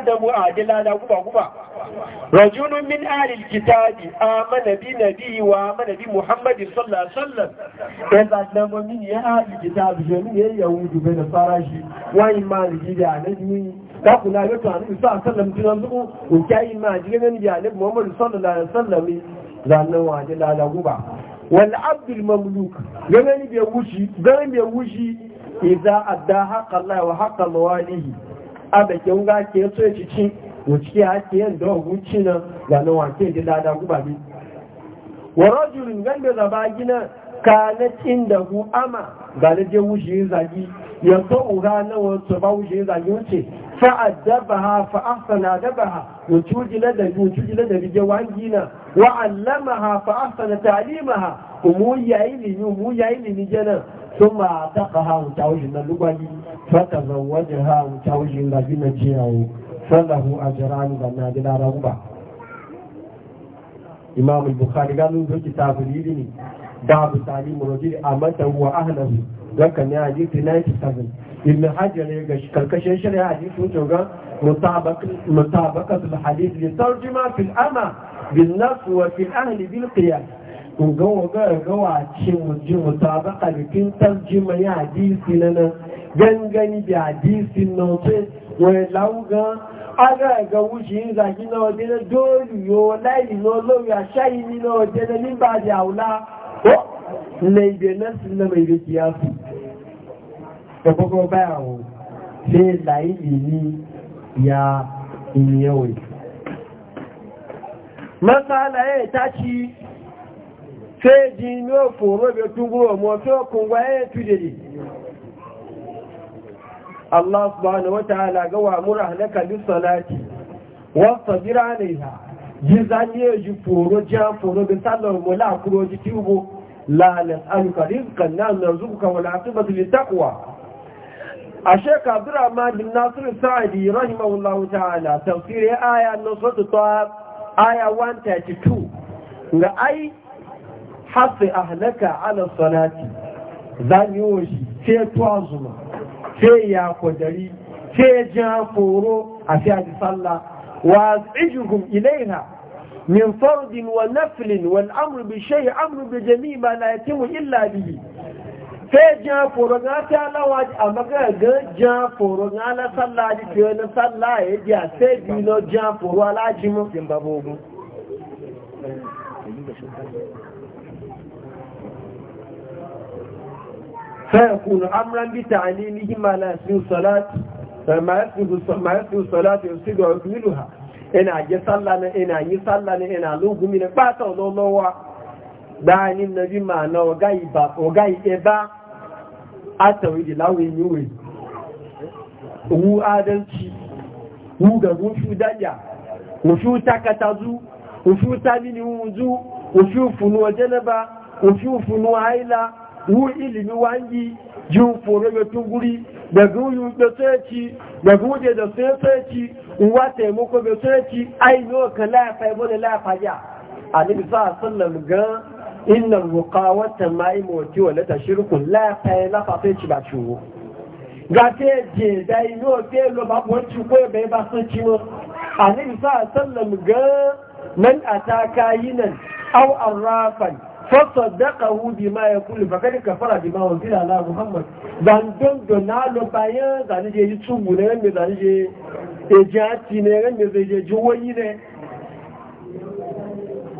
adamu adila na guba guba rajulun min alil kitabi amana bi nabi wa amana bi muhammadin sallallahu alaihi wasallam ya zanna mu min ya alil kitabi jami'in ya yahudu bai da farashi wa imani da annabi ka kula da tanu sallallahu alaihi wasallam tunan zuku ko kai imani ga nabi annabi muhammad sallallahu alaihi wasallam zanna wa adila na guba wal abdul mamluk ga nabi ya wushi gani nabi ya wushi idza adda haqqa allah wa haqqa mawalihi abe ke nga ke so echichi uchi ke ake ndo uchi na ya no wa ke ndi dada kubabi warajuru ngande za ba gina ka na cin da hu ama ga je wuce yin zagi ya so uga na wasu ba wuce yin zagi wuce fa'ad daba ha fa'ad sana daba ha wuci da wuci da rige wangi na wa'allama ha fa'ad sana talima ha mu ya yi limi mu ya yi limi jana sun ma ta ka ha wuce wuce na lugwani fata zan waje ha wuce wuce yin zagi na ce ya wu a jira ni ban na gina ranguba. Imam Bukhari ganin zuki tafiri ne باب تعليم الرجل امته واهله ذلك نادي 97 ابن حجر يغش كركشن شريعه حديث توغا مطابق مطابقه الحديث للترجمه في الاما بالنص وفي الاهل بالقياس وغو غو غو عشي مجي مطابقه لكن ترجمه يا حديث لنا غنغني بي حديث نوتي ولاوغا aga gawo shi za ki na wadina do yo lai no lo ko laibe nan sun na mai riki ya su da kuma bayawo sai laili ni ya in yawai masala ya ta ci ṣe ji ni o foro be tunguro mo to kungwa ya tudeli Allah subhanahu wa ta'ala gawa mura halaka bis salati wa sabira alaiha yi zaniye yi foro jiya foro bin sallar mula a kuro ji ti hu lalas alukarin kan na nanzu wala su ba su li takwa a sheka abdura ma bin nasir sa'adi rahimahullahu ta'ala tafsir ya e aya na sotu ta aya 132 ga ai hasi ahlaka ala salati zaniye shi sai tuwa zuma sai ya kodari sai jiya foro a fiye sallah وأزعجهم إليها من فرد ونفل والأمر بشيء أمر بجميع ما لا يتم إلا به فجاء فرنا تعالى أما جاء فرنا لا صلى لكيون صلى يجي سيبينو جاء فرنا لا جمع جنبابوه فيكون أمرا بتعليمه ما لا يسمى صلاته ma yasbiru salatu yusidu wa yukmiluha ina ji sallah na ina yi sallah na ina lugumi na pata ololowa na nabi ma na ogayi ba ogayi eba atawi di lawin yiwe wu adalci wu ga gufu danya wufu takatazu wufu tamini wuzu wufu funu janaba wufu funu haila wu ilimi wangi ji foro ya tunguri daga wuyu da tsoyaci daga wuje da tsoyaci uwa taimako da tsoyaci ai no ka lafa yabo da lafa ya annabi sa sallam ga inna ruqawata mai moti wala ta shirkun lafa ya lafa sai ci ba ga te je dai no te lo ba bon ci ko bai ba san ci mo annabi sa sallam ga man ataka au aw arrafan فصدقه بما يقول فقد كفر بما أنزل على محمد dan don dona lo bayan zane je yi tubu ne me zane je e jati ne ran me je ji wani ne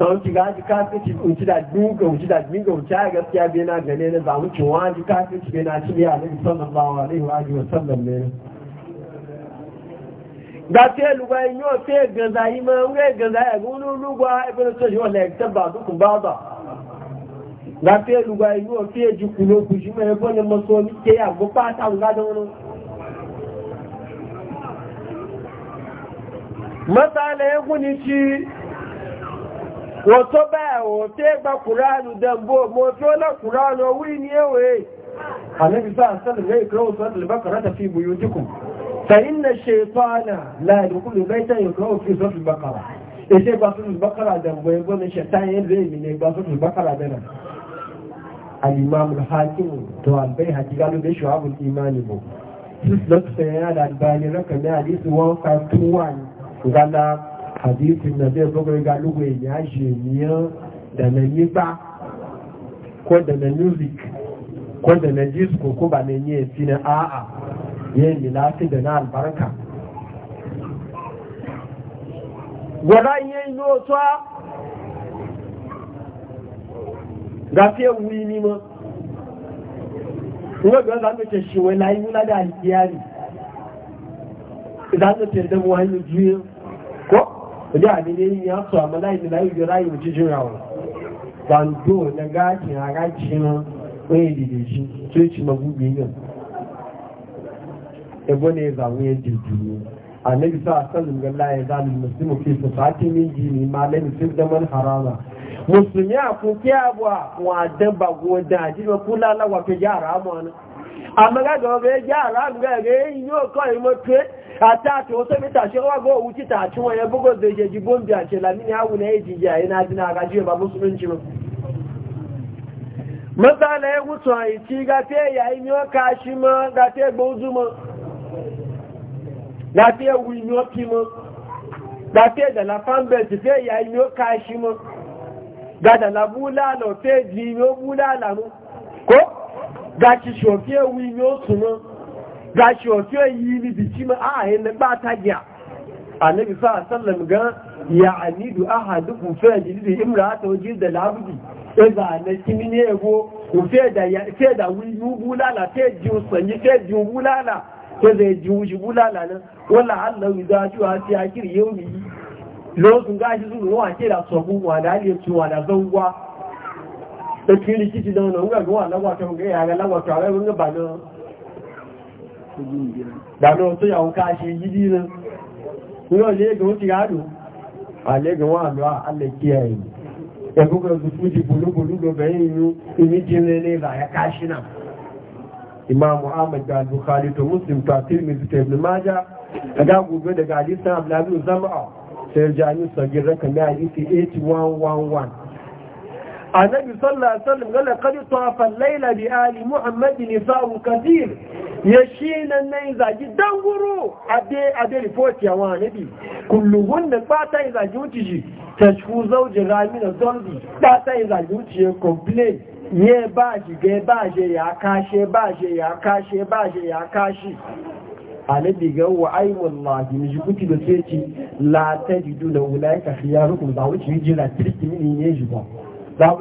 don ki ga ji kafici in ci da dinga in ci da dinga in ci a gaskiya bai na gane ne ba mu ci wa ji kafici bai na ci bai alaihi sallallahu alaihi wa alihi wa sallam ne gbàtẹ́ lùgbà inú ọ̀fẹ́ gànzà yìí ga ń rẹ̀ gànzà ẹ̀gún lórúgbà ẹgbẹ̀rẹ̀ tó yọ lẹ́ẹ̀tẹ́bà dúkùn bá bà gafe lugba inú ọ̀fí èjì kùlò kùsù mẹ́ ẹgbọ́n ni mọ́sọ ní ké àgbó pátá ńgádọ́ wọn mọ́sálẹ̀ ẹgbùn ni ṣí wọ́n tó bẹ́ẹ̀ wọ́n tí é gba kùránù dẹ̀mbò mọ́ tí ó lọ kùránù owó ní èwé àníbìsá àṣẹ́lẹ̀ ìkọ́ ese gbasunus bakara da bai gwani shaitan yin zai ne gbasunus bakara da nan al-imamul hakim to albai haji galo da shuhabul imani mu sislat sayana da albani raka ne hadisi 1521 gana hadisi na zai bugar ga lugwe ya je niyan da na nipa ko da na music ko da na disco ko ba na yi fi na a'a yin milafi da na albarka gwada ihe ihe otu a gafe ewu imi ma nwa ga ga mece shi iwu na muna da alkiyari idan mece da mu hanyar juye ko ya so amma layi da layi da layi mutu jin rawa bando na na gaji na wani annabi sa sallam ga la ya zalim muslimu fi sifati min jini ma lam zaman harama musulmi a kun ke abuwa wa dan ba go da ji ba kula la wa ke yara mu na amma ga ga ga yara ga ga yo ko yi mo pe ata to so mi ta se wa go uti ta ti won ye bugo de je ji bombi a se la mi ni awu na e ji ya ina dina ga ji ba musulunci ba masala ya wuce a yi ci gafe yayin yau kashi ma gafe gbozu ma láti ẹwù inú ọkí mọ́ láti ẹ̀dàlá fánbẹ̀tì fẹ́ ìyà inú ọkà ṣí mọ́ gàdàlá búláàlọ̀ fẹ́ di inú búláàlà mọ́ kó gàṣìṣì ọ̀fí ẹwù inú ọ̀sùn mọ́ gàṣì ọ̀fí ẹ̀yí níbi tí mọ́ ààrin nígbà tajà àníbi fà sálẹ̀m gan ìyà ànídù áhàdùkù fẹ́ ìdílé ìmúra àtọ́jú ìdàlá àbùdì ẹgbà ànẹ́kí ní ẹ̀wọ́ kò fẹ́ ẹ̀dà wí inú búláàlà fẹ́ di òsàn yìí fẹ́ di bulala. ke zai ji wuce bulala nan wala Allah ya zaci wa sai akir yau ne lokacin gashi sun ruwa ke da sabu wa da aliyar cewa da zauwa da kiri kici da wannan wuga ruwa lagwa ta ga ya ga lagwa ta ga ga ba na da no to ya wuka gidi nan ne ga wuce ga wa Allah kiyaye ya bulu bulu ga yi ne ba ya kashi imamu ahmad da al-bukhari to muslim to tirmidhi to ibn majah daga gobe daga hadisin abdullahi zama'a sai jami'u sagir ranka na hadisi 8111 annabi sallallahu alaihi wasallam gala qad tafa al-layla bi ali muhammad nisa'u kathir yashina nay zaji danguru ade ade report ya wa nabi kulluhun da fata zaji wuci tashku zawji ramina zalbi fata zaji wuci complain yẹ báàjì gẹ báàjẹ ya ba báàjẹ ya káṣẹ báàjẹ ya káṣì alẹ́bìgẹ́ wọ aiwọ̀láàjì ní ṣùkútì ló tí ó ti látẹ́jìdó na wùláìkà fi ya rúkùn bá wùcí jíra tírìtìmì ní ne jùbọ̀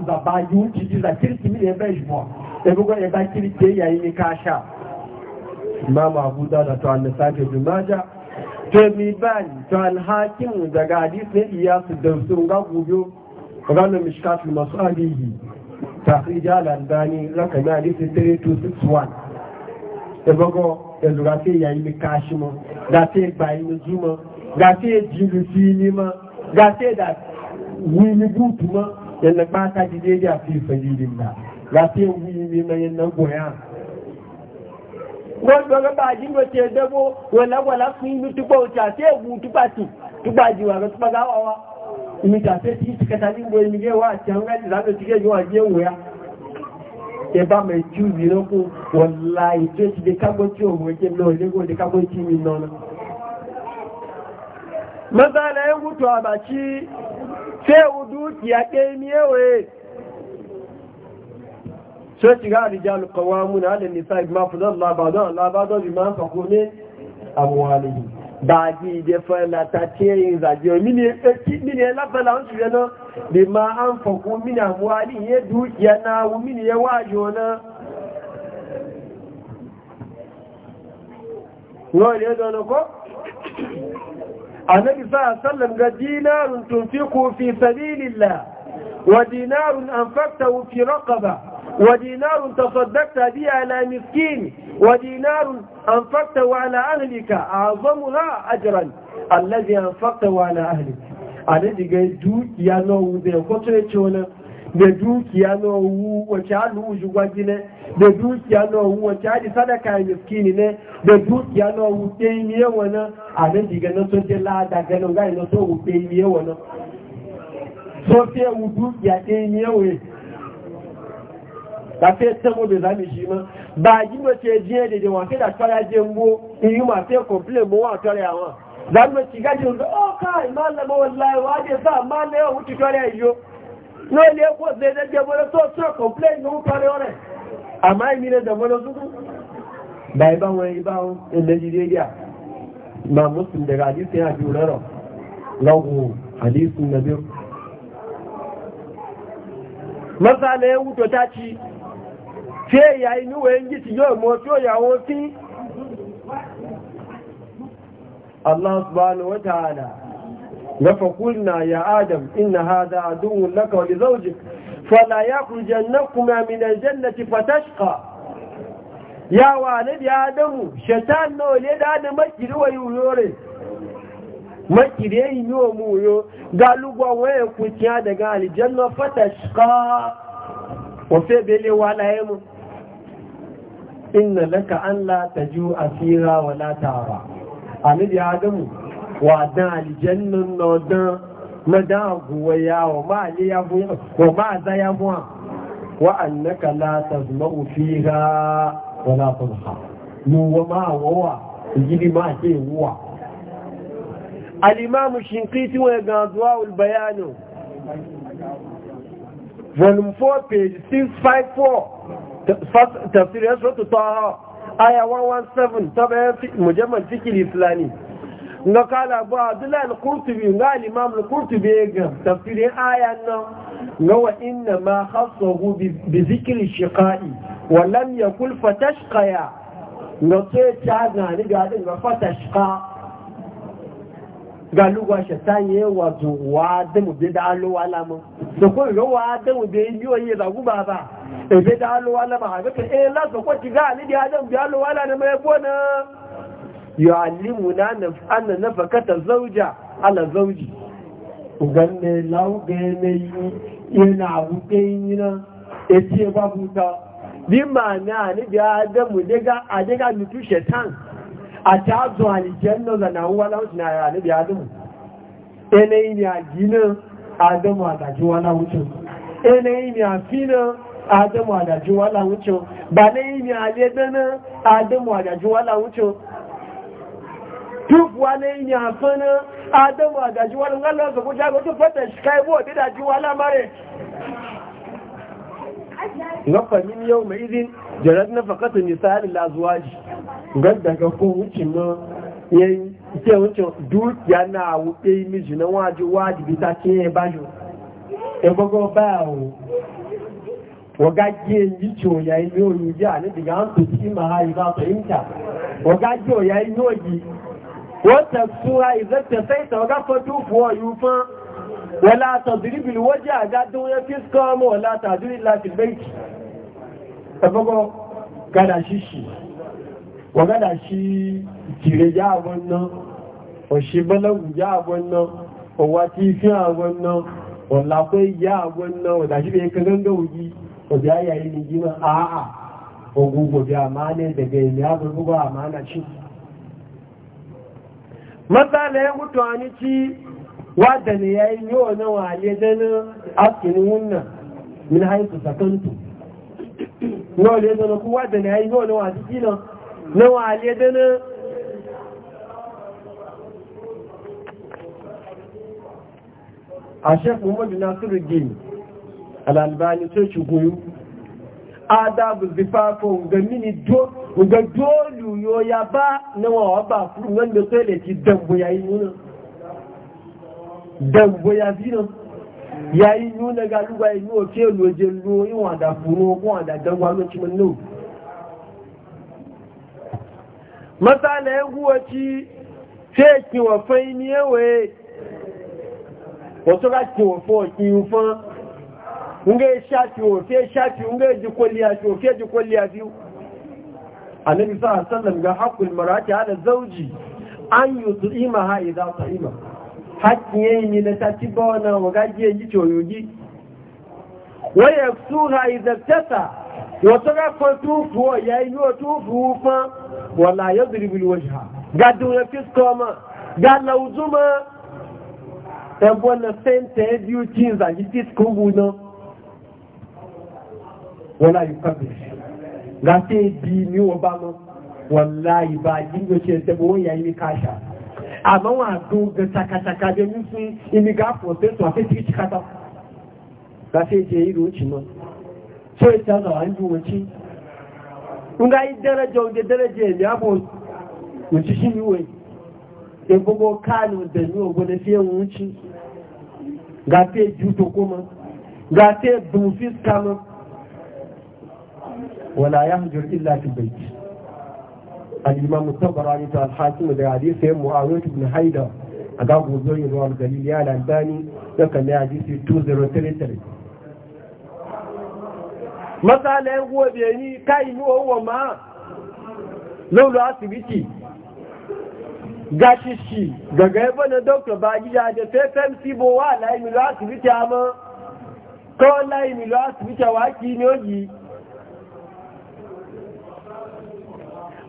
bàbá yóò ti jíra tírìtìmì ní ẹgbẹ́ jùbọ̀ ẹgbẹ́gbẹ́ ya tírìtì ẹ̀yà ilé ma mama abuda da to annasaje jumaja to mi ni to alhakim daga hadis ne su da sun ga gubiyo ga no mishkatul tàkíjá àlàǹdáni lákàmí àdísí 3261 ẹgbọ́gọ́ ẹ̀lùrà tí èyà ilé káṣí mọ́ gàtí ẹgbà inú jú mọ́ gàtí èjìlù sí ilé mọ́ gàtí ẹ̀dà wí ní búùtù mọ́ yẹnlẹ̀ bá kájí déédé àfi ìfẹ̀lẹ̀ ìlú mọ́ gàtí ẹ̀wí ilé mọ́ yẹn náà gbọ̀yà wọ́n gbọ́gbọ́ bá àjíǹgbò ti ẹ̀dẹ́gbó wọ̀lẹ́wọ̀lá fún inú túpọ̀ òtí àti ẹ̀wù túpàtì túpàjì wà rẹ̀ túpàgáwà wa imitafe ti tikatali ngo imige wa changa lando tike yo aje wuya e ba me ju bi no ko wallahi ti de kabo ti o mo je no le ko de kabo ti mi no na mazala e wuto abachi se udu ti ake mi ewe so ti ga rijalu qawamun ala nisa ma fadalla ba'da la bi ma faqulu min amwalihim baaji ìjẹfẹ́ láta ẹ̀yìn ìrìnàjò mini ẹlọ́fẹ́ láwọn ṣùgbẹ́ náà lè máa á ń fọ̀kún mini àwọn àríyẹ́ dúkìá náà wù mini ẹwà àjò náà wọ́n ilẹ̀ ẹ̀dọ́nà kọ́ anẹ́bìsá àṣálàm ga dínárùn tó fi kò fi sàdílìlà wà dínárùn ودينار تصدقت به على مسكين ودينار أنفقته على أهلك أعظمها أجرا الذي أنفقته على أهلك الذي قال دوك يا نو ذي قطرة شونا dukiya na owu wace hannu uji gwaji ne da dukiya na owu wace hadi sadaka ya miskini da dukiya na owu ɗaya miye wani a nan diga na sun jela da ganin gani na so wu ɗaya miye wani so fiye wu dukiya ɗaya miye wani ba sai tamo bai zami shi ma ba yi mace jiye da jawa sai da tsara jembo in yi masu ya komplain mu wa tsara yawa za mu ci gaji wanda o kai malama wallahi wa je sa ma malama ya wuce tsara yiyo no ne ko zai da jembo da so so complain mu tsara yawa ne amma yi ne da mana su ba yi ban wani ba wani inda jiriya ma muslim daga hadisi ya fi wuraren lahu hadisun nabiyu masala ya wuto ta ci tí èyà inú wẹ́njí ti yóò mọ́ tí ó yàwó tí aláhùsbánu wata ààdà na ya adam ina ha za a dúnwùn lọ́kà wà ní zaújí ya kùn jẹ nọ́kùnmà mìnà jẹ́nà ti fatashka ya wà níbi adamu ṣetán náà lè dáadé makiri wa yúlo rẹ̀ makiri yìí ní omu yóò galugbo wọ́n yẹ kùn tí daga alìjẹ́nà fatashka wọ́n fẹ́ belé wa láyé mu inna laka an la a asira wa la tara ya gamu wa dan aljannan na dan na dan aguwa ya wa ma ya bu wa ma za ya bu wa annaka la tazma'u fiha wa la tadha mu wa ma wa gidi ma ke wuwa alimamu imam shinqiti wa gadwa al-bayan volume 4 page 654 tafsir ya suratu taha aya 117 tabayan mujammal fikir islami nga kala abu abdullahi al-qurtubi nga al-imam al-qurtubi ga tafsirin ayan nan nga wa inna ma khassahu bi zikri shiqai wa lam yakul fatashqaya nga sai ta ga ni ga din ga fatashqa galuwa shetanye wazo wa mu be da alo wala mo so ko ro wa demu be ni o yi da gu baba e be da alo wala ma ga e eh, la so ko ti ga ni da adam bi alo wala ne me bona na anna nafakata zauja ala zawji uganne lawo ge ne yi yana abu ke yi na e ti e babu ta bi ma na ni de adam de ga adega mitu shetan a ta zo aljanna zana wuce na ya nabi adamu yanayi ne a gina adamu a daji wala wucin yanayi ne a fina adamu a daji ba na yi ne a ledana adamu a daji wala wucin duk wani ne a fana adamu a daji na famin yau mai izin jarar na fakatun nisanin lazuwaji gan daga ko wuce ma yayin ke wuce dukiya na wuce miji na waje waje ta ke ya bajo ebogo bawo waga giye yi ciwo yi yoyi ya ni diga an su ci ma yi ba su imta waga giyo yi, yoyi wata su hayi zata sai ta waga fatu fuwa fa. wala tadribil wajha ga dunya fiska mu wala tadril la fil bait tabago gada shishi wa gada shi tire ja wannan o shi ni a a o gugu bi amane daga ya bugu wadda ne ya yi yawa na wale dana askinin wannan min haifu sakantu na wale dana kuma wadda ne ya yi yawa na wasu kina na wale dana a shek muhammadu nasiru gini al'albani sun shi goyo adabu zifafo ga mini dole ga ya ba na wawa ba furu wanda sai da ci dambu yi nuna dẹ̀gbọ́ ya bí náà ya inú lẹ́gà inú òkè èlò èjè ló ìwọ̀n àdà fúrú ogún àdà dẹ̀gbà ló mọ́ náà mọ́sálẹ̀ egwu ọtí tí èkì wọ̀ fún iní ẹwẹ́ ọ̀tọ́gá ti wọ̀ fún ọ̀kì fún ngé ji òfé ṣáàtì ngé jikoli àti ga hakkin yayi ne na sati ba wannan wagaji yayi coyoji wa yaksuha idza tata wa taga ko tufu wa yi wa tufu fa wala yadribu alwajha gadu ya fiskoma ga lauzuma ta bona sente biu tinza jitis kubuno wala yi yukabi ga te bi ni ma, wala yi ba jingo ce ta bo yayi kasha amma wa don ga takataka da nufi imi ga professor a fiti cikata ga sai je yi roci ma so ya ta zawa an duwaci in ga yi daraja wanda daraja ya yabo wuci shi ne wai ya gbogbo kano da ni ogo na fiye wuci ga fiye juto kuma ga fiye dun fiska ma wala ya hujjar illa الإمام الطبراني الحاكم الحديث معاوية بن حيدر أقام بوزوني روى الغليل يا الألباني لكن الحديث 2033 مثلا هو بيني كاين هو ما لولا أسبتي gashishi daga yabo na dokta ba gida da fefen sibo wa layi milo asibiti amma kawai layi milo asibiti wa ki ne ogi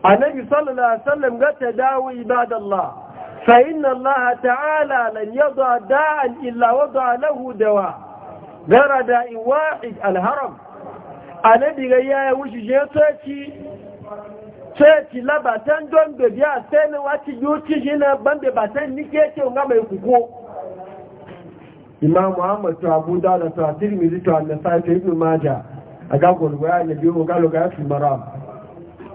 annabi sallallahu alaihi wasallam ga tadawu ibadallah fa inna Allah ta'ala lan yada da'an illa wada lahu dawa gara da'in wahid alharam annabi ga ya wuce je toci tsoci labatan don da biya sai wati yuci jina bande batan nike ce ga mai kuko Imam Muhammad to Abu Dawud to Tirmidhi to An-Nasa'i to Ibn Majah aga gurwa ne biyo ga lokacin maram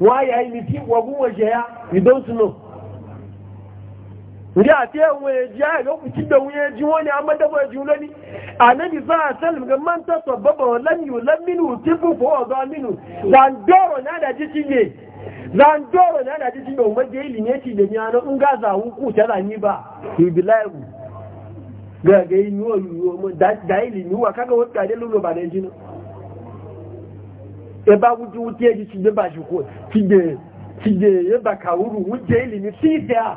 Waye I meet him wagun waje ya you don't know ndi a te wani jiya lokacin da wuye ji wani amma da bai juna ni annabi za a salim ga man ta sababa wa lam yu lam minu tibu ko wa zaminu zan doro na da ji cinye zan doro na da ji cinye umma je ilimi de da nyano in ga za huku ta zani ba you be liable ga ga yi yo yo da da ilimi wa kaga wata da lulu ba da jinu ẹba wújú wújú èyí ti gbé bàjú kò ti gbé ẹba kàwúrù wújú èyí ní sí ìfẹ́ à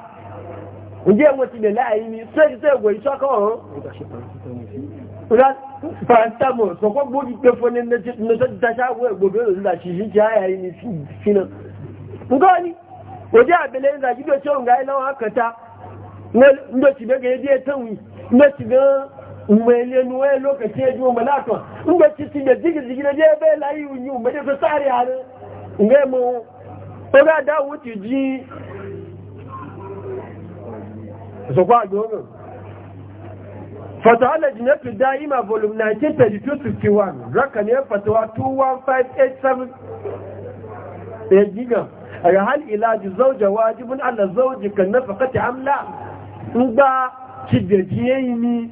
ǹjẹ́ ẹwọ ti lè láàyè ní sẹ́yìn tó ẹ̀wọ̀ ìṣọ́kọ̀ ọ̀rọ̀ paracetamol sọ̀kọ́ gbójú pé fún ẹni lọ́sọ́jú taṣáwọ̀ ẹ̀gbọ̀dọ̀ ìrọ̀lá ṣìṣì ti àyà ní sínú yi ni òjẹ́ àbẹ̀lẹ̀ ń ràjú lọ́sọ̀rùn gáyé náà kẹta ń lọ́sibẹ́ gẹ̀ẹ́dẹ́ tẹ̀wì ń lọ́sibẹ́ umele nuwe lokaci ya jiwo malato in ba ci jiki jiki na je bai layi yi umele su tsari hannun nga mu oga da wuce ji so kwa domin fatawa da ima volume 1932 51, raka ne fatawa 21587 ya e jiga aga ga hal ilaji zauja wajibun allah zauji kanna na fakati amla in ba ci da ni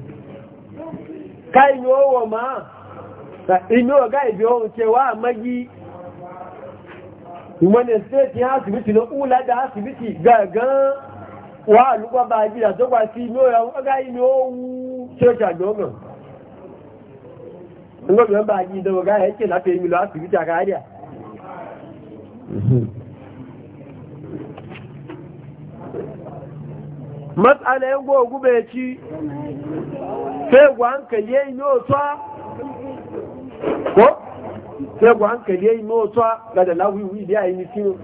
kai ni owo ma inu oga ibi ohun ce wa magi ìmọ̀lẹ̀ stéètì asibiti ló kú ládá asibiti gàgán wà lúgbà bá ìjìyà tó pa sí inú ọ̀rọ̀ ọgá inú owó church àgbọ̀ngàn ngọ́gbọ̀n bá ìjìyà tó gá ẹ̀ẹ́kẹ̀ láti ìmìlò asibiti àkáyà matsala yan gowa gube ci sai gwa hankali yayi notuwa ko sai gwa hankali yayi notuwa ga da lawiwi biya yi nisino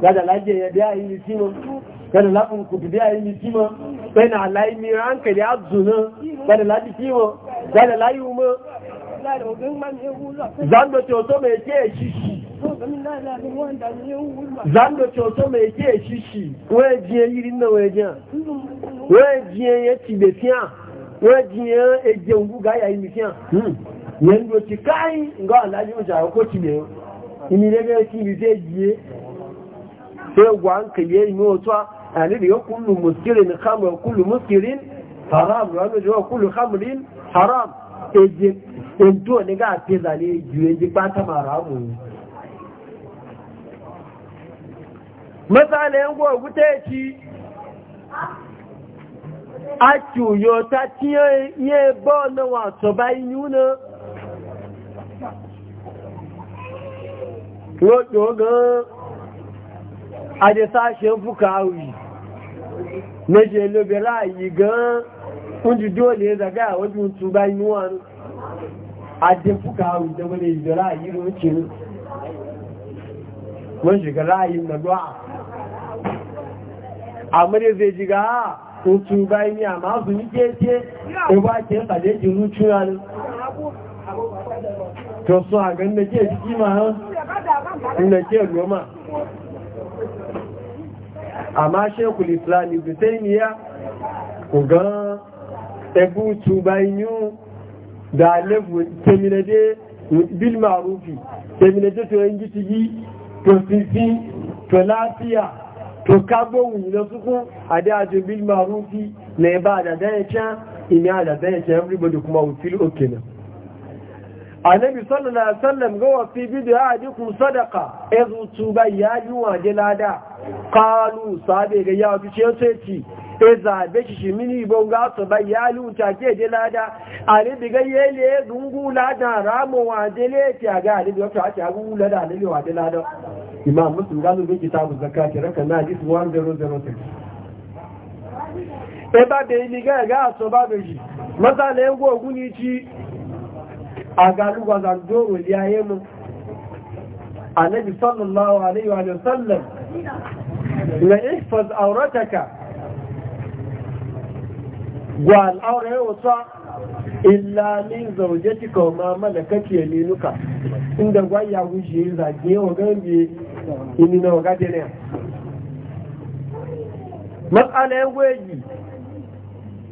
ga da lajiya biya yi nisino ga da lafin kudu biya yi nisino sai na alayi mira hankali azuna ga da laji kima ga da layi umar zan da teoto mai ke shi zando coso mai ke shishi wai jiye yiri na wai jiya wai jiye ya hmm. tibe fiya wai jiye ya jengu ga yayi mi fiya yan do ti kai nga alaji mu jawo ko tibe ini ne ga tibi zai jiye sai gwan ka yayi mi oto ani da kullu muskirin khamr kullu muskirin haram wa jo kullu khamrin haram eje ento ne ga pezale juye ji pata maramu Masa na guta ya ci a cuyo ta ciye yi ba na wato bayan yuna roƙo gan a da sashen fuka hauri na jelobe ra'ayi gan kunji ya zaga a wajen da fuka hauri da wani jelobe ra'ayi roƙe mun shiga ra'ayin na du'a amma ne zai jiga hutu ah, bayan ya masu ni keke ko ba ke tsade ji zuciya ne to so a gan da ke jiki ma ha inda ke goma amma shekul islami britaniya ku ga ebu tu bayan yi da alefu teminade bil marufi teminade to yan gitigi to fifi to lafiya to wuni na suku a da ajin bil marufi na ba da ime ina da dayancin everybody kuma wufil oke a annabi sallallahu alaihi wasallam ga wasi bidu ya ji kun sadaka ezu tuba ya yi waje lada kalu sabe ga ya fi ce ci. e zabe shi shi mini bon ga so ba ya lu ta ke de lada ale diga le dungu lada ramo wa de le ti aga ale do ta ta gu lada ale wa de lada imam muslim ga lu bu kitabu ki raka na hadis 1006 e ba de ni ga ga so ba be shi mata le ngo ogun ni ti aga lu wa za doro li aye mu annabi sallallahu alaihi wa sallam la ihfaz awrataka gwal aure wata illa min zaujatika wa ma malakati yaminuka inda gwai ya guje zage wa gambe ini na waga dare matsala ya gwaji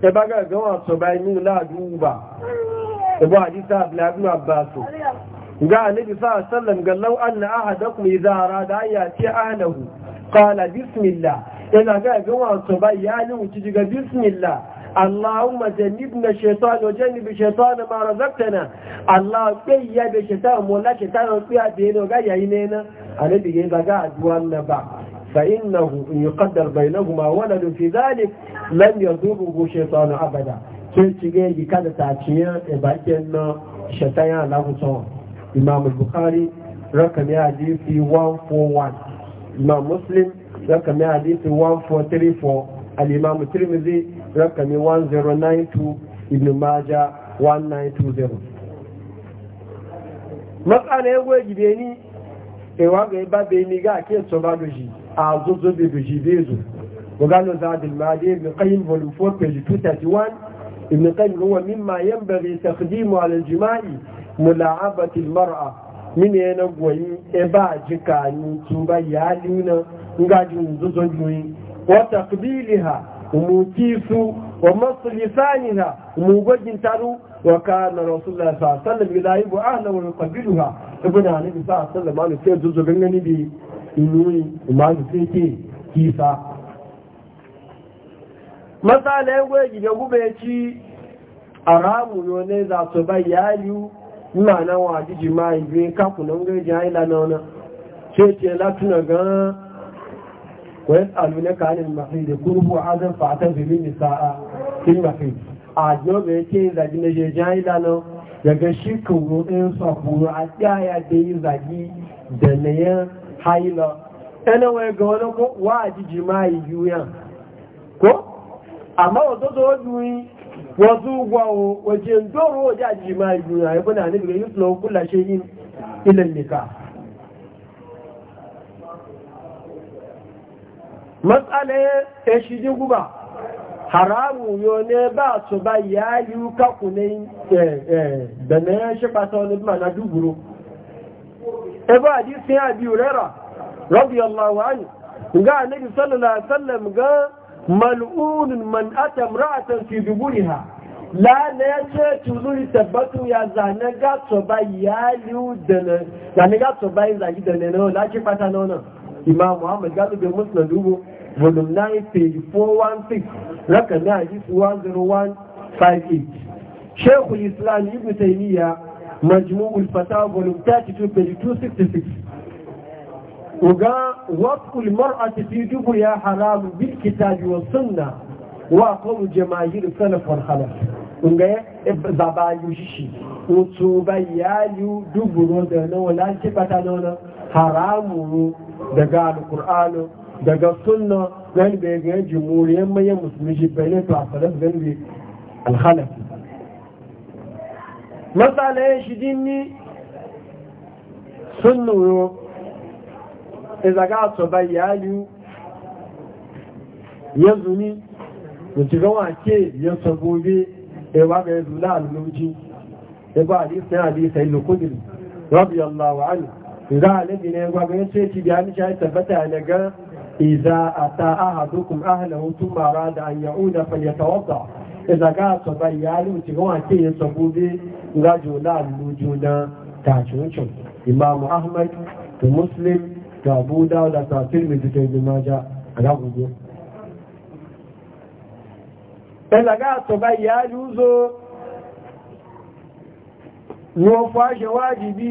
ta baga ga wasu bayan yin ladu ba ibu hadisa abdullahi abbasu ga annabi sa sallam ga law anna ahadakum idza arada an yati ahlahu qala bismillah yana ga ga wasu ya yin wuce ga bismillah اللهم جنبنا الشيطان وجنب الشيطان ما رزقتنا الله بيا بشيطان ولا شيطان بيا دين وغايا ينينا على بيجي بقى ادوان نبع فإنه إن يقدر بينهما ولد في ذلك لن يضره شيطان أبدا كيرتشيجي يكاد تاتشيا باكن شيطان له صوم إمام البخاري رقم حديثي 141 إمام مسلم رقم حديثي 1434 الإمام الترمذي rakami 1092 ibn maja 1920 matsala yawon gwaji beni e waga ya ba beni ga ake tsoba doji a zozo be doji bezo gugano za a dilmadi ibn kayin volume 4 page ibn kayin ruwa mimma yan bari ta fi dimu a lalji mula'abatin mara mini yana gwayi e ba a jika ni tsoba yalina ngajin zozo doji umukisu wa masu lisaniha umugogin taru wa kana rasulullah sallallahu alaihi wasallam yudahibu ahla wa yuqabbiluha ibn hanibi sallallahu alaihi wasallam sai zuzu gangani bi inuni imanu sai ke kisa masala ya goye gida gube aramu yo za su bai yayu ina na wa jiji mai bi kafu nan gaji na wannan ce latuna gan ويسألونك عن المحيد قل هو عذاب فاعتزلوا النساء في المحيد àjọ́ bẹ̀rẹ̀ tí ìzàjí méjì já ìlànà daga shi kòrò in sọ̀fòrò àti àyà dé ìzàjí dẹ̀nìyàn haìlọ ẹnàwọ̀ ẹgbẹ̀ wọn kó wà àjíjì máa ìjú yàn kó àmá wọ́n tó tó lúrin wọ́n tó wà ó wọ́n jẹ́ ń dọ́rọ̀ matsala ya shi guba haramu yo ne ba su ba ya yi kaku ne eh, eh, da na ya shi ba wani ma na duburo ebe hadisi ya biyu rera rabu radiyallahu ne? ga annabi sallallahu alaihi wasallam ga mal'unun man ata imra'atan fi ha la na ya ce tuzuri tabbatu ya zane ga ya liu da na zane ga ba ya zagi da ne na la ki fata na wannan imam muhammad gado da muslim dubu volume 9 page 416 raka na hadis 10158 shekul islam ibn taymiya majmu'ul fatawa volume 32 page 266 وقال وقف المرأة dubu ya haram bil والسنة wa sunna wa والخلف kunga salaf yu shishi otu ba ya yu duburo da na wala ce bata na wani haramu daga alkur'anu daga sunna gani da ya jimuriyar mayan musulmi shi bayanin to a salas gani da alhalaf matsala ya shi dinni sunna yo izaga su bayyayu ya zuni da ci gawa ke ya sabobi ba ga ya zula alluji ya ba hadisi na hadisai lukudin rabiyallahu anhu za a lalle ne gwa ganin sai ci biya ni shayi tabbata ne ga iza ata ahadukum ahlahu thumma rada an ya'uda falyatawadda iza ga so ba ya lu ci gwa ke yin sabubi ga jola lujuna ta cuncun imamu ahmad da muslim da abu dawud da tafsir mai jikin jimaja a ga gugu iza ga so ba ya lu zo wọ́n fàáṣẹ wájìbí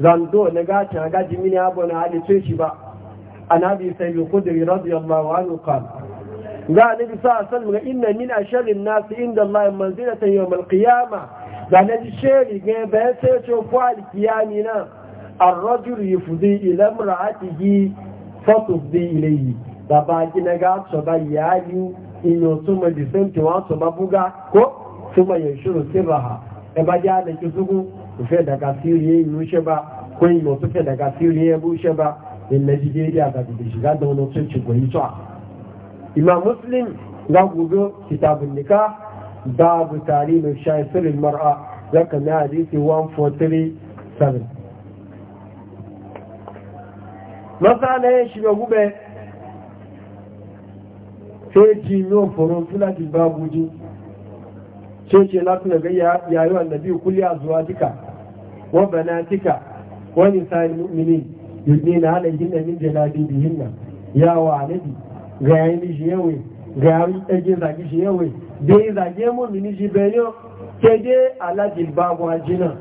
zando na gata gaji mini abu na halittu shi ba annabi sai bi kudri radiyallahu anhu qala ga annabi sa sallam ga inna min asharrin nasi inda Allah manzilatan yawm al-qiyamah da na ji sheri ga bayan sai ce ko al-qiyami na ar-rajul yufdi ila imra'atihi fatufdi ilayhi da ba na ga so ba yayi inyo tuma di sente wa so ba ko tuma yashuru sirraha e ba ja da ki zugu ufe daga siriye yi wuce ba kun yi wasu fe daga siriye ya wuce ba in na ji daidai a da shiga da wani sun ci goyi tsawa imam muslim ga gobe kitabun nika babu tari mai shayi sirrin mar'a zaka na hadisi masa na yin shiga gube sai ji yau furon fulajin babuji sai ce latin ga yayi wa nabi kulli zuwa dika وبناتك ونساء المؤمنين يدنين عليهن من جلابيبهن yi والدي غايني جيوي غاوي اجي زاجي جيوي دي زاجي مؤمني جبينيو كدي على جلباب واجنا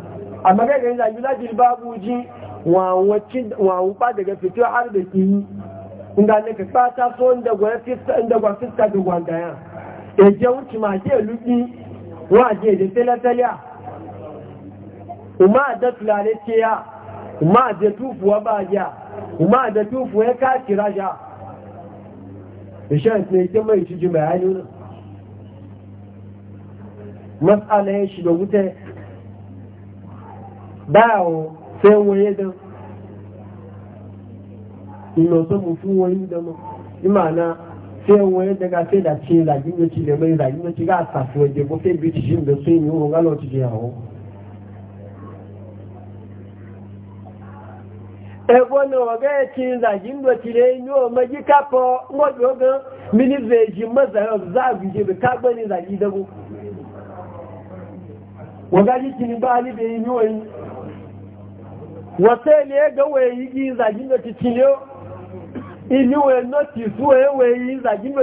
amma ga ganin zabi la babu ji wa wacin daga fito har da ki inda ne ka fata so inda gwa fiska inda gwa da gwanda ya je wuci ma je lubi wa je da kuma da tulare ce ya kuma da tufuwa ba ya kuma da tufuwa ya kaci rasha ishan ne ke mai ciji mai hannu matsala ya shiga wuta dawo sai waye da inoto mutum wani dama. imana sai waye daga sai da ce zagin yaci da mai zagin yaci ga a safi waje ko sai bi cijin da sun yi wani galo cijin yawon ẹgbọ́n náà ọ̀gá ẹ̀kí ìzàjíngbò ti rẹ̀ inú ọmọ yí kápọ̀ mọ́jọ́ gan mínísẹ̀ èjì mọ́sàrẹ̀ ọ̀záàbì jẹ́ kágbọ́n ní ìzàjí ìdẹ́gbò wọ̀gá yí kí ní bá níbi inú ẹ̀yìn wọ̀tẹ́ ilé ẹgbẹ̀wẹ̀ èyí kí ìzàjíngbò ti ti lé inú ẹ̀ náà ti sú ẹwẹ̀ èyí ìzàjíngbò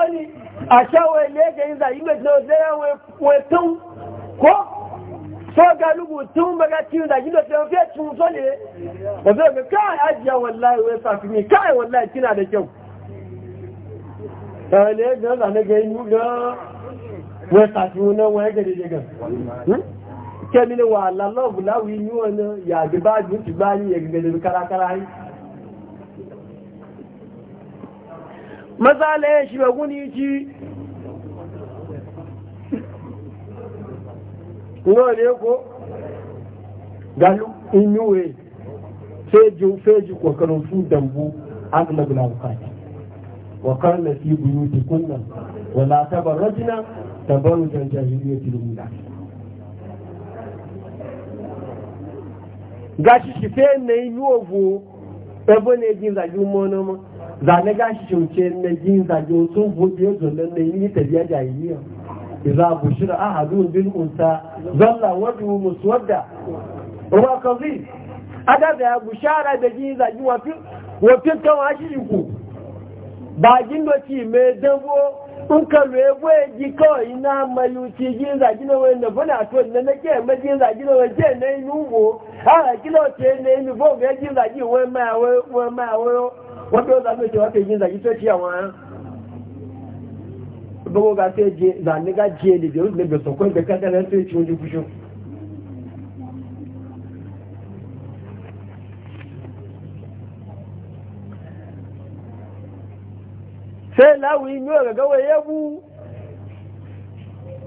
ti a ilẹ̀ ẹ̀kẹ́ ìzà yìí mẹ́tìlẹ̀ òṣèré wẹ̀ tún kó sọ́gá lúgbù tún mẹ́gá tí ìzà yìí mẹ́tìlẹ̀ òfẹ́ tún sọ́lẹ̀ òfẹ́ òfẹ́ káà ájíyà wọ̀láì wẹ́ sàfihàn da kyau ẹ̀lẹ́ gan zanẹ́gẹ́ inú gan wẹ́ sàfihàn matsala ya shi baguni ci ne ko galu inuwe fejin feji kokarin su dambu an labula bukata wa karna fi buyuti kunna wa la tabarrajna tabarrujan jahiliyyati lumina gashi shi fe na yi yi ovu ebe ne ejin yi umu ọnụ zane gashi shauke na yin zage sun buɗe zonen na yi tafiya jahiliya iza bushira ahadun bil unta, zalla wajhu muswadda wa kazi ada da bushara da yin zage wa fi wa fi kan washi ku ba gindoci me dabo in ka lebo ji kawai na mayuci jin zagi na wani da bana to na na ke ma jin zagi na wani ke na yi nubo a kilo ce na yi nubo ga jin zagi wani ma wani ma wani wọ́n tó zàgbé tí wọ́n zàgbé ga sai lawi miwa ga gawa yabu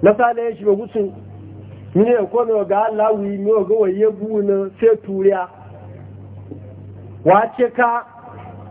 na sa da ya shiga gutsun mini ya kone ga lawi miwa gawa yabu na sai turiya wace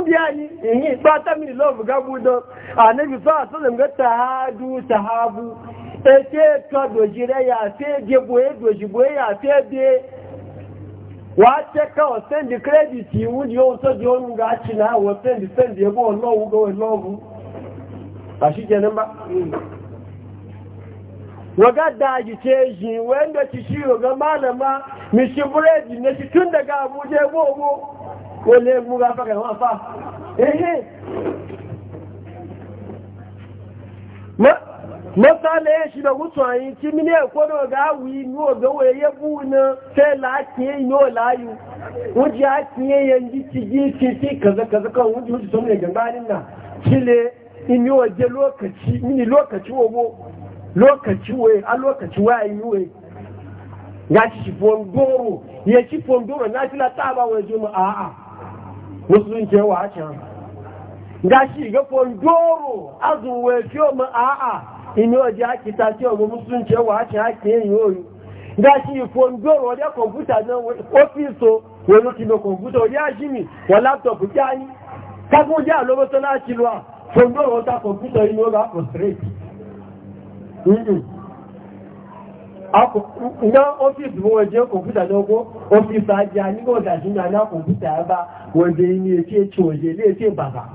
ubi anyị ihe ikpe atamiri lọvụ gabudo anabi fa asọlọm ga tahadu tahabu eke ka dojire ya fe boye doji boye ya fe be wa cheka o send credit iwu di o di ga chi na o send send e bo lowu go lowu ashi je namba waga daji ce na ga malama mishi buredi na shi tun daga abuja kó lé múra fẹ́rẹ̀ wọ́n fà ehe mọ́sálẹ̀ èṣì lọ wùsùn àyín tí mí ní ẹ̀kọ́ náà gáàwì inú ògbówó eyé búna fẹ́ láti inú ọ̀láyù wọ́n jẹ́ àti ẹyẹ ti jí ti tí kàzàkàzàkà wọ́n jẹ́ a'a musulunci yawa can gashi ga fondoro azuwe fiye mu a'a inu oji haki ta ce omu musulunci yawa haki yin gashi fondoro wadda kwamfuta na ofiso wani kino kwamfuta wadda ya shi mi wa laptop kyani kagun jẹ́ àlọ́bọ́tọ́ láti lọ fondoro wadda ga frustrate na ofis mo waje kwamfuta na ko ofis a ani ko gashi na na kwamfuta ya e ba wanda yi ne ce ce waje ne ce baba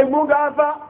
ẹ̀bá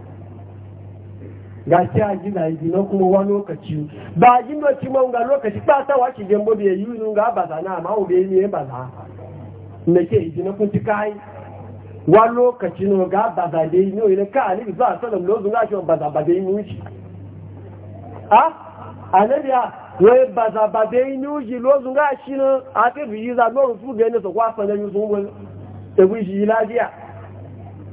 ga shi a gina yi na kuma wa lokaci ba a gina ci ma ga lokaci ba ta wace gembo da yi nun ga ba zana ma ube ne ba za na ke yi na kunci kai wa lokaci no ga ba za da yi ne ka ali za a salam lozu ga shi ba za ba da yi nuci a anabiya wai ba za ba da yi nuci lozu ga shi no a ke bi yi za no rufu ga ne so kwa fa na e yi sun wani egun shi lafiya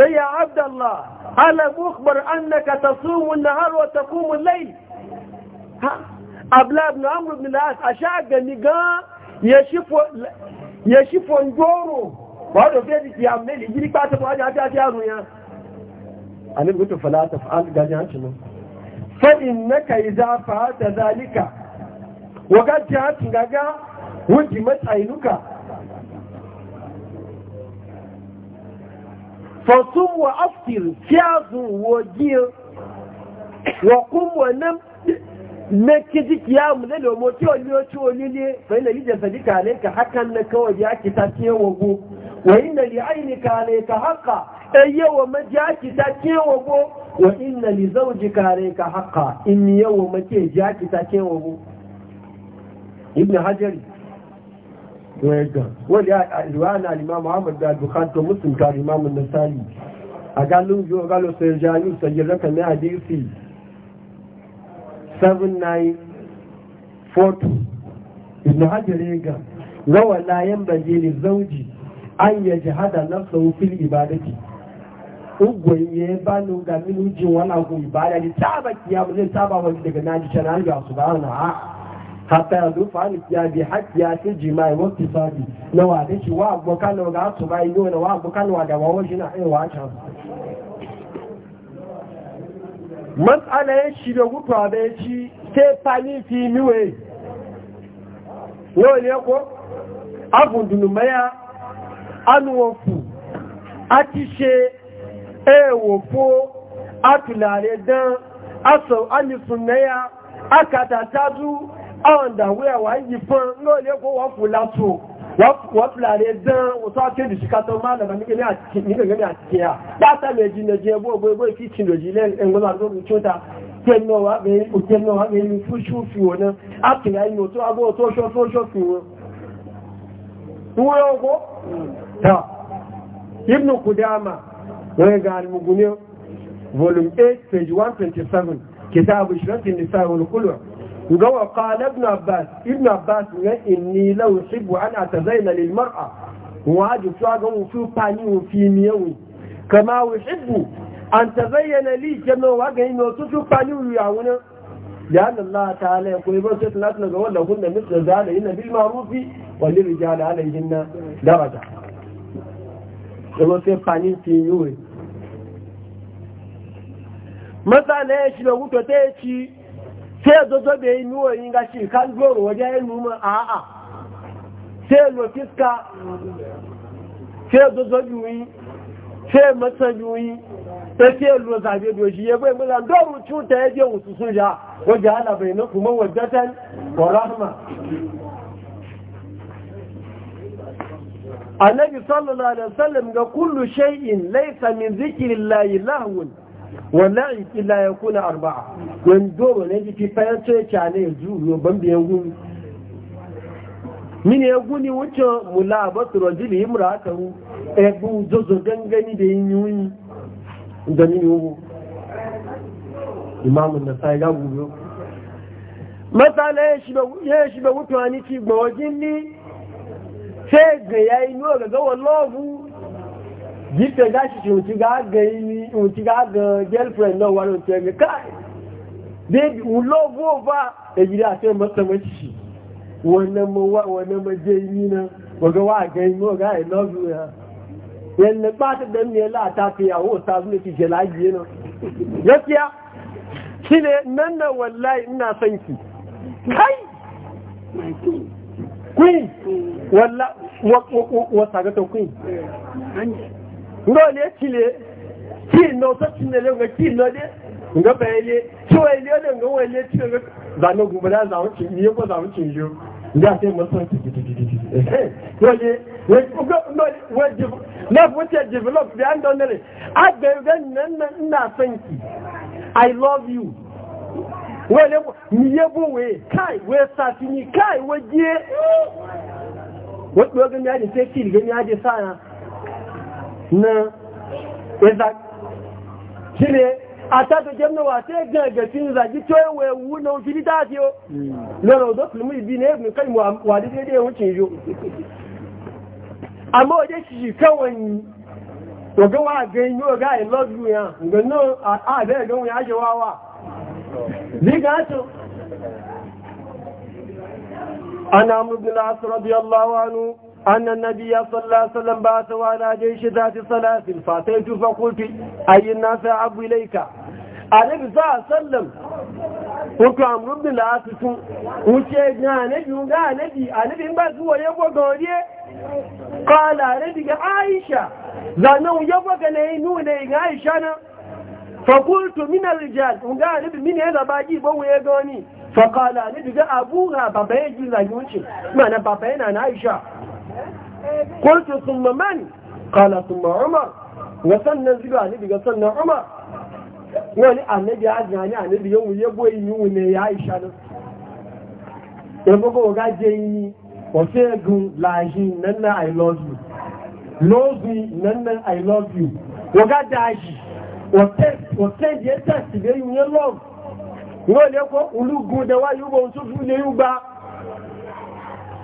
قال يا عبد الله ألم أخبر أنك تصوم النهار وتقوم الليل abla ibn amr ibn al-as asha gani ga ya shifo ya shifo ngoro ba do fe di ameli giri pa ta ba ja ta ru ya anin gutu fala ta fa'al ga ja tinu fa innaka idza fa'ata zalika wa qad ja'at gaga wuji matsainuka fasun wa aftir kiyazu wa giya wa kun nan na kiji kiyamu na lomo ki wani yoci wani ne fa yana lijin sa jika ne ka hakan na kawai ya ki ta ke wago wa inna li ainika ne ka haka ɗan yawa maji ya ki ta ke wago wa inna li zaujika ne ka haka in yawa mace ya ki ta ke wago ibn hajari wegan wani a riwayana al-imam Muhammad da Bukhari to ta ka na Nasa'i a galun yo galo sai jayu sai raka ne hadisi 7942 ibn Hajar ga rawa la yanbaji li zauji. an yajhada na fil ibadati ugwai ya yi ba nu ga minujin wani abu ibada ni taba kiyamu zai taba wani daga naji can an ga su ba na hatta yanzu fa'ani ya bi haƙƙi ya ce jima'i wasu sabi na wata shi wa abokan na ga su bayi yau na wa abokan wa da wawan shi na aiwa can matsala ya shi da gutu a bai shi sai fani fi miwe yau ne ko abun dunumaya anuwofu a ti ṣe ewofo a tulare dan aso alisunaya akata tazu awon da wuya wa yi fún ní olè kó wọ́n fún látò wọ́n fìlàrẹ̀ dán wọ́n tó akéèdè sí kátó máa lọ́gbà ní gẹ́gẹ́ ní àti kíá látà méjì méjì ẹgbó ògbó ẹgbó ìfi tì lòjì lẹ́gbẹ̀rún àdóbi tó ta kẹ́nà wà bẹ̀rẹ̀ fúnṣú fi wọn náà àtìyà inú tó agbó tó ṣọ́ fi wọn wúrẹ́ ogó ta ibnu kudama wọ́n ga almugunio volume 8 page 127 kitabu shiratin nisa wal kulwa ga wa qala ibn abbas ibn abbas ne inni law uhibbu an atazaina lil mar'a wa ji tuwa ga mu fi pani mu fi miyawu kama uhibbu an tazayyana li kama الله تعالى يقول إبن سيد الله تنقى كنا مثل ذلك إن بالمعروف وللرجال عليهن درجة إبن سيد في يوري مثلا يشبه وتتيتي sai zozo bai yi nuwa yin gashi kan goro waje ya numa a a sai lofiska sai zozo yuyi sai matsa yuyi ta sai lo zabe doshi ya bai mula doro cuta ya je wasu ja waje ala bai na kuma wajatan wa rahma annabi sallallahu alaihi wasallam ga kullu shay'in laysa min zikrillahi lahwun wallahi illa ya kuna arba'a wani doro ne jiki fayar ya kyale ya juyo ban biyan gumi mini ya guni wuce mula ba su rajili imra aka hu bu zozo gangani da yin yuni da mini hu imamun na sai gagu biyo matsala ya shi da wutuwa ni ci gbawajin ni sai ga yayi nuna ga gawan lovu jípe gáṣì tí òun ti gáàgẹ̀ ní òun ti gáàgẹ̀ girlfriend náà wà lóòtẹ́ ẹgbẹ̀ káàkì débi òun ló bó bá èyí àti ọmọ tọmọ ṣìṣì wọn ọmọ jẹ́ iní náà gbogbo wà gẹ́ inú ọ̀gá I love you ti ina son ki kai queen wọ́n sàgẹ́tọ̀ queen ole chile chino to chinele chino chi chile zano za mo ti ti ti ti na develop the andonere abe ben na i love you wele ni yebo we kai we satini kai we je wo do ga ni ade na a kílẹ̀ àtàtòjẹ́ náà wà tí ẹgbẹ̀ ẹgbẹ̀ tí ń na tó ẹwẹ̀ wú náà fi ní dáàtí ó lọ́nà ọ̀dọ́ fìlìmù ìbí ní ẹgbùn kẹ́ wà ní dédé ohun tí yóò àmọ́ òjé ṣìṣì kẹwọ̀n yìí ọ̀gọ́ wà gẹ́ inú ọ̀gá ìlọ́dún yàn a náà àbẹ́ ẹ̀gbẹ̀ yàn ṣe wá wà Ana Abdullahi radiyallahu anhu أن النبي صلى الله عليه وسلم بعثه على جيش ذات سلاسل فأتيت فقلت أي a أعب إليك النبي صلى الله عليه وسلم Otu amurubi la'asutu, wuce na anabi, ga anabi, anabi ba zuwa yabo ga wariye, ƙala anabi ga Aisha, zanen yabo ga na yi nuna ga Aisha na, fakultu minar rijal, ga anabi mini ya zaba ji ban wuye ga wani, faƙala anabi ga abu ha baba ya ji zagi wuce, mana yana na Aisha. قلت ثم من قال ثم عمر وسنن زيغا نبي سنن عمر wani annabi ya jani annabi yau ya boye yiwu ne ya aisha nan ya gogo ga je yi wasu egun laji nan na i love you love me nan i love you waga daji wasu ya test ga yi wa yi yi ba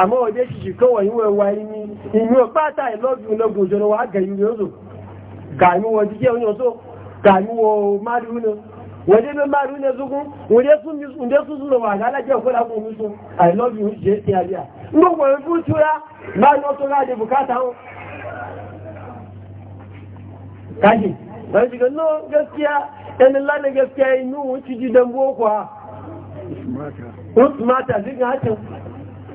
àmọ́ òde ṣìṣì kọ́wọ̀ ìwọ̀n ẹwà ìní ìlú pátá ìlọ́gbìn ológun òjòrò wà gẹ̀yìn rẹ̀ oṣù kàmí jíjẹ́ oyún oṣù márùn-ún wọ́n dé márùn-ún ẹzúgún ẹni lánà gẹ́síà inú ti di dambó kwa Usmata,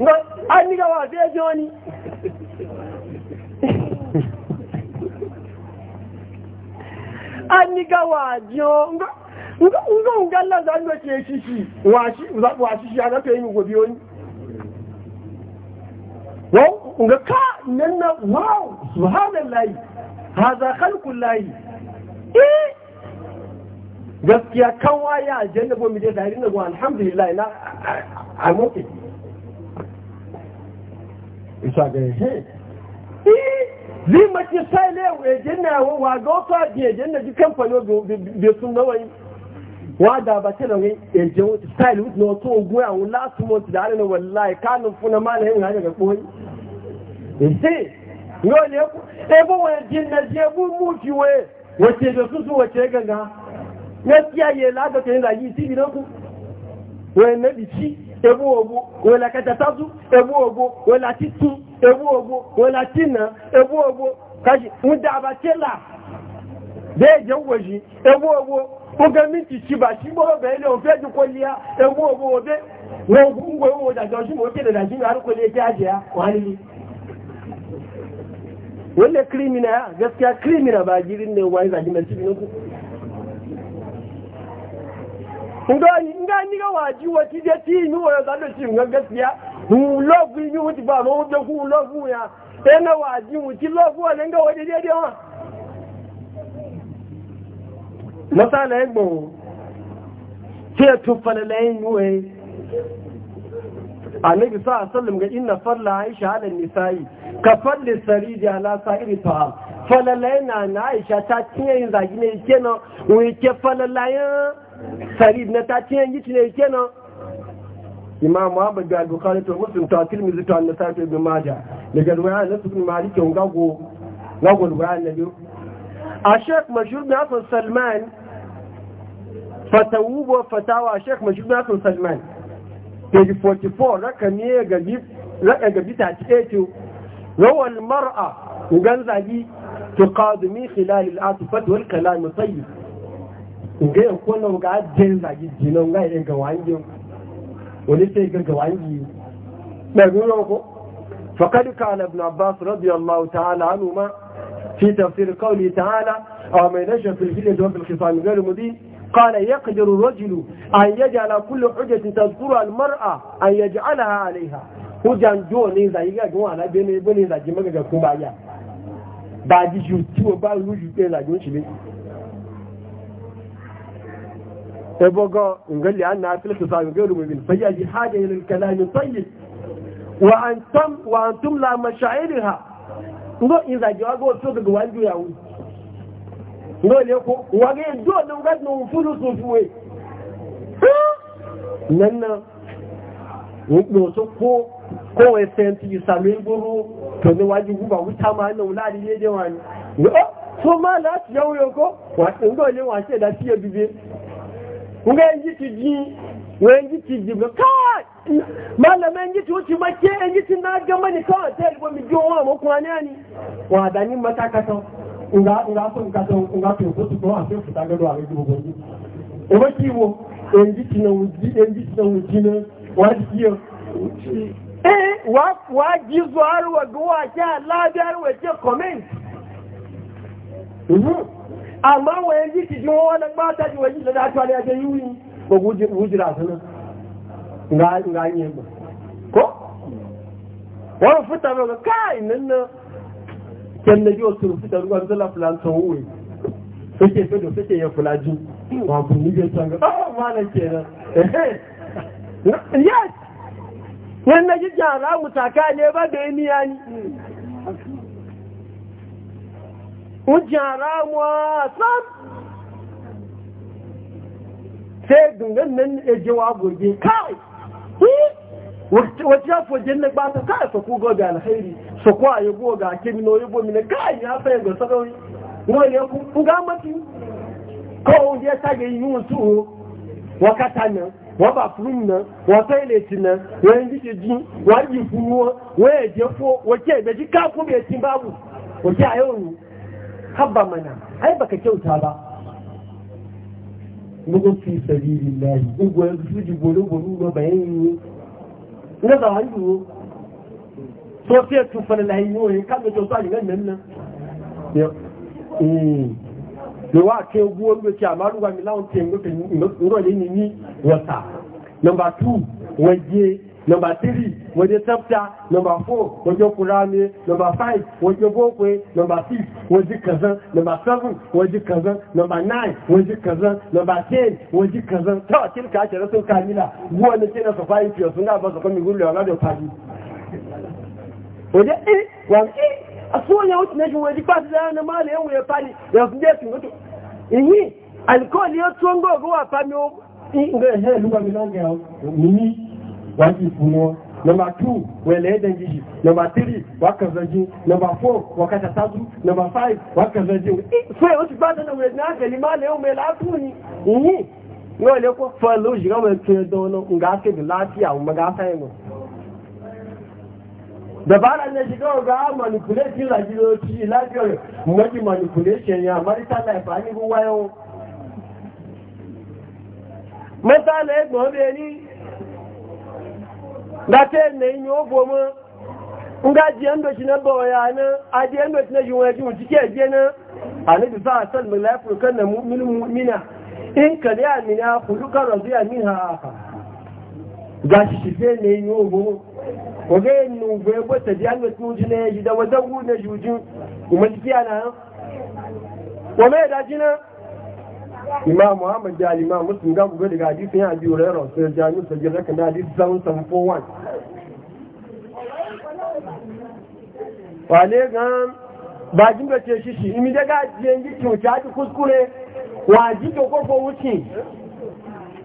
ngo an ni gawa sai joni an ni gawa jo ngo ngo ngalla za ngo ce shi shi washi washi shi ana to yin gobe wani wow nga ka nan na wow subhanallahi hadha khalqullahi layi? gaskiya kan waya aljanna bo mi da dalilin go alhamdulillah na a mutu isa ga ihe zai mace sai ne wa jinna wa wa ga wata biya jinna ji kamfani biya sun nawa yi wa da ba ta nauyi ya je wata style with no to ogun awon last month da alina wallahi kanun funa ma na yin hajjar ga koyi ise yau ne ku ebe wa jinna je bu muki wa wace da su su wace ganga gaskiya ya ladata yin zagi tibi na ku wani na bici ewu ogbo wela katatatu ewu ogbo wela titu ewu ogbo wela tina ewu ogbo kaji wunda abatela da ya jan waje ewu ogbo oge minti ba shi ofe ji kwalliya ewu ogbo obe wọn ngwe da jọ shi ma oke da da shi na harko ya ke ajiya wani krimina ya gaskiya krimina ba girin ne wani zaji mai cikin ngani ngani ga waji wati je ti ni wo da lo ti ngan gaskiya hu logu ni wuti ba mo de ku logu ya ena waji wuti logu wa nga wadi de de ha masala egbo ti tu fala lain we annabi sallallahu alaihi ga inna aisha ala nisa'i ka falli saridi ala sa'iri ta'am falalaina na aisha ta tiye yin zagi ne kenan wuce falalayan sarid na ta ciyen yi cire nan imam abu da al-bukhari to muslim to tirmidhi to an-nasa'i to ibn majah daga ruwaya na ibn malik on gago gago ruwaya na biyu a shek mashhur bin hasan salman fatawubo fatawa shek mashhur bin hasan salman page 44 rakami ne raka gabi ta ce rawal mar'a ganzagi tuqadmi khilal al-atifat wal nga ya kona ka jin zagi jino nga irin ga wangi wani sai ga ga wangi ɗaruwa ko faƙad kana ibn abbas radiyallahu ta'ala anhu ma fi tafsir ta'ala awa mai nasha fil hilal wa fil qisam ghayr mudin قال يقدر الرجل أن يجعل كل حجة تذكرها المرأة أن يجعلها عليها hujjan jo ne za yi gagin wa alabe ne bane zagi magagakun baya ba ji ju ciwo ba shi ne ebogo ngal li anna fil khitab ghayr mubin fa yaji haja ila al kalam tayyib wa antum wa antum la mashairiha ngo inza jawago to daga wanju yawo ngo le ko wage do da ga no furu su fuwe nanna ngo so ko ko we senti sami buru to ne waji guba wuta ma na wulari ne je ngo oh, so ma la yawo ko wa ngo le wa ce da fiye bibe ngenji tiji wenji tiji ga kai malama enji ti wuce mace enji ti na ga mani kawai ta yalbo mi jiwon wa muku wani ani wa da ni mata kasan nga nga so nka so nga to ko to wa se futa gado a gibo gonji e ba ki wo enji ti na wuji enji ti na wuji na wa ti yo eh wa wa ji zuwa wa go wa ta la biyar wa ce e, comment mhm. amma wayan ji ki jin wani mata ji wani da dacewa ne a yi yuri ba gujira su nan ga yi ba ko wani fita ba kai nan na kyan na yiwa sun fita ruwan zala fulantar wuri suke fito suke ya fulaji wa bu ni bai san ga ah, ma na kenan yes yan na ji jara mutaka ne ba da yi niya ni ujara wasan sai e gangan nan ya ji wagoge kai wacce ya kai sako alhairi sako a yi goga kimino yi kai ya fayi mafi yi wọ́n bá fún nà wọ́n tọ́ ilé ti wọ́n yẹn jíṣe jí wọ́n yìí fún wọ́n wọ́n bá wù wọ́n ayé òun habba mana ai baka kyauta ba mugun fi sabirin ugo ya bolo bolo ba na so nan nan da wa ke ruwa amma ruwa te ne ni wata number 2 waje Number three, wajen tsafta. Number four, wajen kurame. Number five, wajen bokwe. Number six, wajen kazan. Number seven, wajen kazan. Number nine, wajen kazan. Number ten, wajen kazan. Ta wakil ka ake rasu kamila, wani ce na safayi fiye sun gaba su kami gurle wa gado fadi. Wajen e, wani e, a suwanya wuce na shi wajen fadi da yana mala yan wuya fadi da su je su mutu. Iyi, alkohol ya tsohon gogowa fami yau, wọ́n ti fún wọn number two wẹ̀lẹ̀ ẹ̀dẹ̀ yìí number three wọ́n kẹfẹ́ number four wọ́n kẹta sáájú number five wọ́n kẹfẹ́ jí fẹ́ ti gbádùn náà wẹ̀lẹ̀ náà kẹ̀lé máa lè ó mẹ́lá tún ni ìyìn wọ́n lè kó fẹ́ lóṣù náà wọ́n tún nga náà ń gá kéde láti àwọn yi gáfẹ́ dabara ne shiga ga manipulation la jiro ci la jiro mo ji manipulation ya mari ta la ba ni bu wayo mata le gbo be ni ba ta yin na yin yau goma in ga jiyan doki ya bawaya na a jiyan doki na yiwuwa jiwu cike a jiya na a nabi sa a salmi laifin kan na mu'mina in ka da amina kulukan razu ya min ha. ga shi shife na yin yau goma waga yin nugbe wata jiyan doki nuji na yaji da wadangu na jujin kuma cike ana nan wa mai daji na imam muhammad da imam muslim ga gobe daga hadisi ya abi hurairah sai jami'u sai jira kan hadisi 741 Wane gan ba da ce shi shi imi daga jiyan yi kyauta ji kuskure wa ji da kofo wuce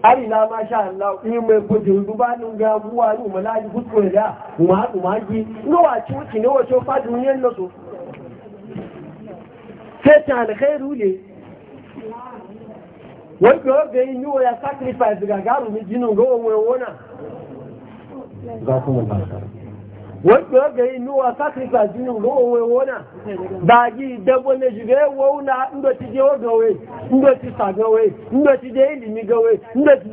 ari na ma sha Allah imi mai kuji dubanin ga buwa ni mala ji kuskure da ma ma ji no wa ci wuce ne wa so fa duniyan nasu sai ta alkhairu ne wọ́n kí ó gẹ̀ inú ọya sacrifice gàgàrù ní jínú gọ́wọ́ owó náà wọ́n kí ó gẹ̀ inú ìdẹ́gbọ́ méjì gẹ́ wọ́n náà ọgọ́wẹ́ ndọ̀tí sàgọ́wẹ́ ndọ̀tí jẹ́ ìlìmí gọ́wẹ́ ndọ̀tí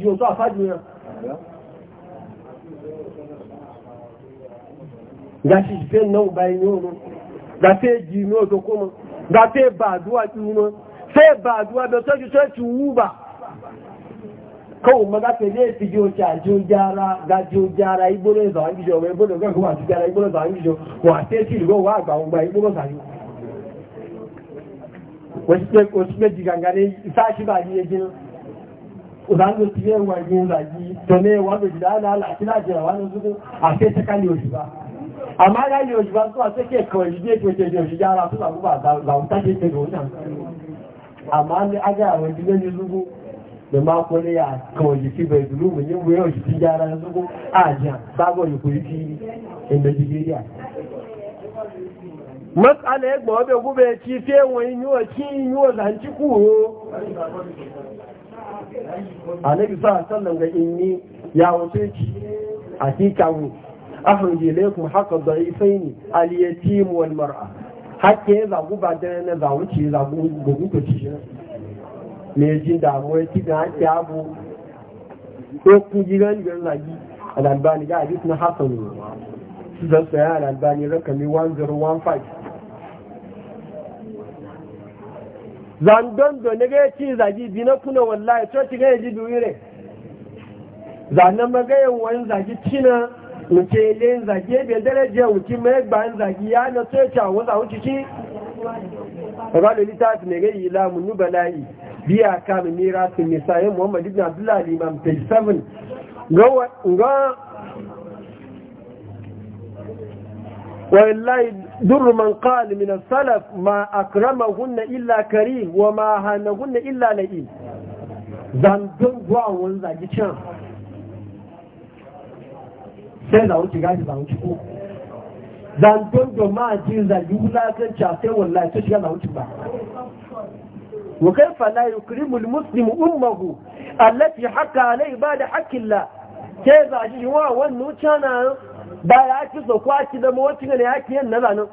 jẹ́ gashi shi fen nan bayan yau nan ga te jino to kuma ga te ba duwa tuno sai ba duwa da sai sai tuwu ba kawo maga te ne fi jo cha jo jara ga jo jara iboro za an jo iboro ga kuma ti jara iboro za an jo wa te ti go wa gba gba iboro sa yo wasi te ko si meji ganga ne sa shi ba ni ejin o dan go ti wa yin la yi to ne wa be da la la ti la jara wa no zu a te ta kan yo ba àmá ráyè òṣìbá tó àtẹ́kẹ́ ẹ̀kọ́ ìdí ètòjẹjẹ òṣìjá ara tó làgbà làwọn tàbí tẹ̀lé òun náà àmá ní ajá àwọn ìdílé ní lúgbó lè máa kọ́ ní àkàn òjì bẹ̀rẹ̀ ìdúró mi ní wé òjì sí jára lúgbó sábọ̀ yòkó ya ga inni ya wato ci أخرج إليكم حق الضعيفين اليتيم والمرأة حتى يزعبوا بعدين يزعبوا شيء يزعبوا بقوة شيء ليجين دعموا يتيجن حتى يعبوا يقوم جيران جيران لجي الألباني قاعد يسمى حسن سيدان سيان الألباني رقمي 1015 zandon da na gaya ci zagi bi na kuna wallahi to ci gaya ji duwire zanen magayin wani zagi cinan nke le nzagi ebe dẹ́rẹ́jẹ òtí mẹ́gbà nzagi ya na tó ẹ̀kẹ́ àwọn àwọn títí ọgbàlẹ̀ lítàtì mẹ́rẹ́ yìí láàmù núbẹ̀lá yìí bí i àká mi ní ra sí mẹ́sà yẹ́ muhammadu bin abdullahi imam page 7 wàlláhi dur man káàlì min salaf ma akrama illa karim wa ma hana hunna illa la'i zandon gwawon zagi can sai na wuce gashi za wuce ko zangon doma zagi wulakanci a sai wallahi ta shiga wuce ba wa kaifa la musulmi almuslim ummahu allati hakka alai ba da sai za shi wa wannan cana ba ya ci so kwaci da mawacin ne yake yin nazanin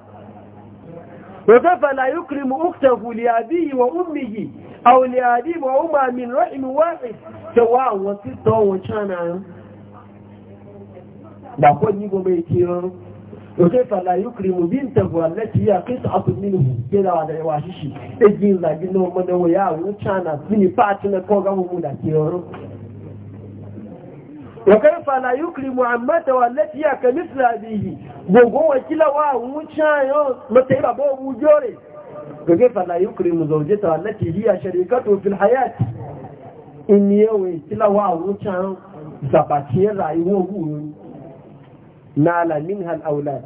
wa kaifa la yukrimu uktahu li abihi wa wa wa cana ba ko yi goma ya mu ran rote fala yukrimu bintahu allati hiya qit'atun minhu kila wa da washi shi eji zagi no mo da ya wucha na fini pat na ko ga mu da ke ro wa kaifa la yukrimu ammata allati hiya kamithla bihi gogo wa kila wa wucha yo mata iba bo wujore gogo fala yukrimu zawjata allati hiya sharikatu fil hayat in yawe kila wa wucha zabatiya rayuwa guru nala minha hal aulad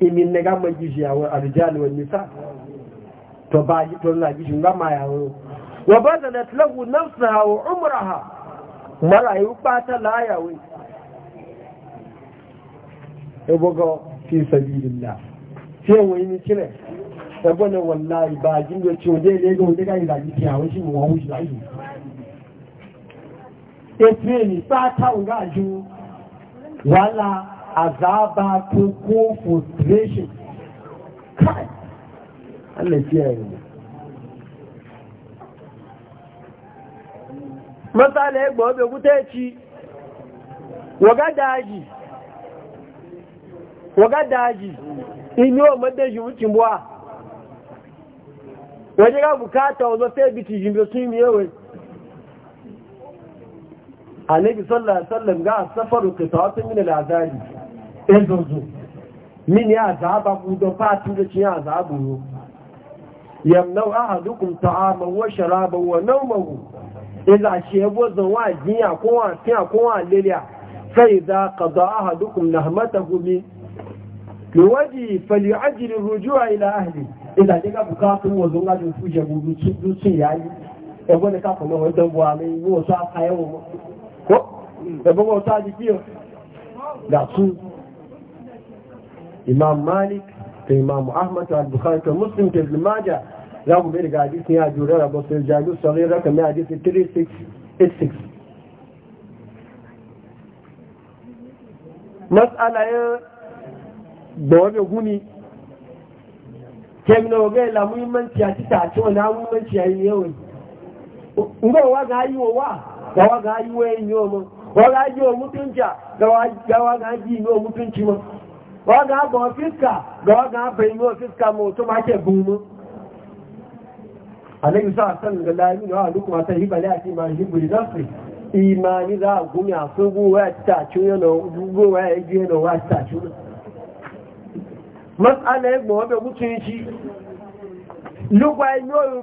imin na gama gishi yawon arjal wa nisa to ba ji to na gishi gama yawon wa badalat lahu nafsaha wa umraha marayu bata la yawon ebogo fi sabilillah sai wani ni kire ebo ne wallahi ba jin da ciwo dai ne ga wanda kai da gishi yawon shi mu hawo shi da yi e tiye ni bata unga ju wala azaba ko ko frustration kai Allah ya yi ya ci waga daji waga daji wucin buwa waje ga bukata wazo sai biti jimbe sun yi a nabi sallallahu min ezozo min ya zaba don fatin da cin ya zabu yo yamnau ahadukum ta'aman wa sharaban wa nawmahu idza shebo zan wa jinya ko wa tiya ko wa min liwaji falyajil rujua ila ahli idza diga bukatun wa zunga dun fuje gudu su su yayi ebo ne ka e ko mo e don bo ami wo so imam malik da imam ahmad al-bukhari da muslim da limaja za ku bai daga hadisi ya jura rabu sai jami'u sauri raka mai hadisi 3686 matsala ya gbawabe guni kemina oga ila muhimmanci a tita a cewa na muhimmanci a yi yawon ngowa ga yi wa wa ga yi wa yi yi wa ma wa ga yi wa mutunci ga wa ga yi wa mutunci ma ọ ga agba ọfiska na ọ ga-aba ime ofiska ma ọ ma ke bụ mu alaihi ga lami na wa hibali a ti ma hibuli nafsi imani za a gumi a gowa ya na gowa ya ji na wa ta ciwo masala ya gbawa bai mutu shi lugba ime oyin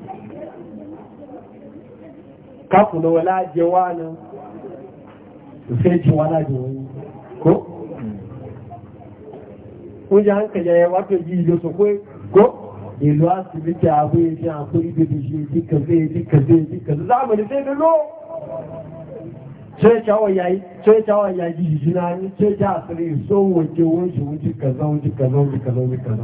kakuna wala jewa nan sai ci wala jewa ko? Kunji hankali ya wato ji da su kwai ko? Ilu asibiti abu ya ji an kuri da bishi dika zai dika zai dika zai zamani sai da lo. Sai cawon yayi, sai cawon yayi jijina ni, sai ta asiri so wace wunshi wunshi kaza wunshi kaza wunshi kaza wunshi kaza.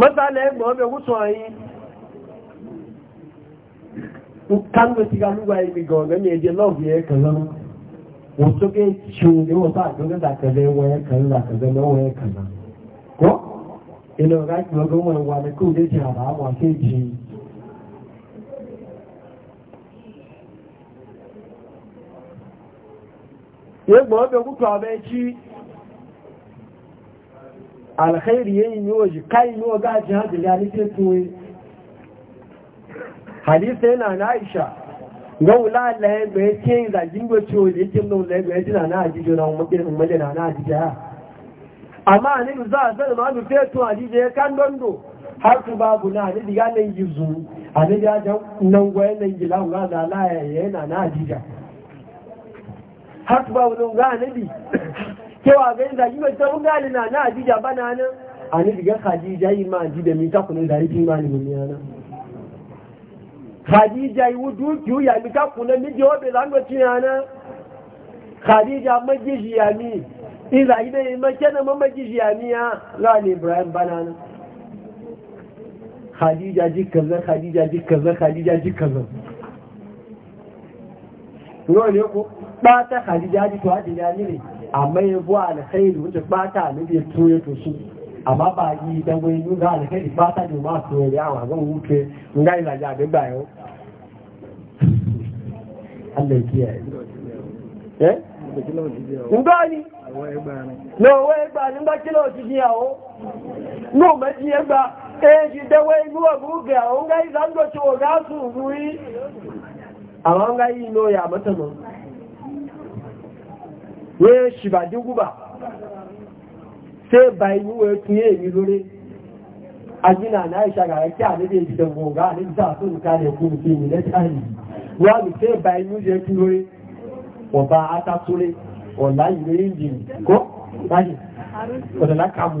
mọ́sálẹ̀ ẹgbọ̀n ọbẹ̀ wútọ̀ yìí kánú ti ga lúgbà ibi gọ̀ọ̀gẹ́ ní èdè lọ́ọ̀bù yẹ kàn wọ́n tó gé ṣe ìwọ̀n bá àjọ́gẹ́ dàkẹ̀lẹ́ wọ́n yẹ alkhairi yayin yoji kai no ga ji hadin ya ni tuwe hadisi yana na Aisha gau la la ya be ce da jingo ciwo da yake da la ya jina na ajijo na mukin mummale na na ajija amma ne za a zama ma bi fetu ajije ya kan dondo har su babu na ne diga nan yizu a ne ya jan nan goye nan gila ga da la ya yana na ajija har su babu nan ga ne cewa ga yin zagi mai tabun gali na na Hadija bana nan a ni diga Hadija yi ma ji da mi ta kunu da rifi ma ni mun yana Hadija yi wudu kiyu ya mi ta kunu mi je obe zan go tiya na Hadija ma ji ji ya mi in zagi da ma kenan ma ma ji ji ya mi ya la ni Ibrahim bana nan Hadija ji kaza Hadija ji kaza Hadija ji kaza Yau ne ku ba ta Hadija ji to Hadija ne amma ya zuwa alkhairu wuce bata ne bai tuye to shi amma ba yi dan wani yi ga alkhairu bata ne ma su ne yawa zan wuce in ga ila ja da bayo Allah kiyaye eh ngbani no we gba ni ngba kilo ti ji awo no me ji e gba e eh, ji da we ilu ogun ga o ga ila ndo ga su ru yi àwọn ga yi no ya mata no wọ́n ṣì bà dín gúbà ṣe bà inú wọ́n tún yé èyí lórí ajínà náà ṣàgàrà kí àníbi ìṣẹ̀ gbọ̀ngá àníbi sàtún kalẹ̀ fún ìfẹ́ ìrìnlẹ̀ sáàlì wọ́n lù ṣe bà inú yẹ lórí ọba atákúrẹ́ ọ̀lá ìwé ìjìn kó láyé ọ̀dọ̀lá kàmù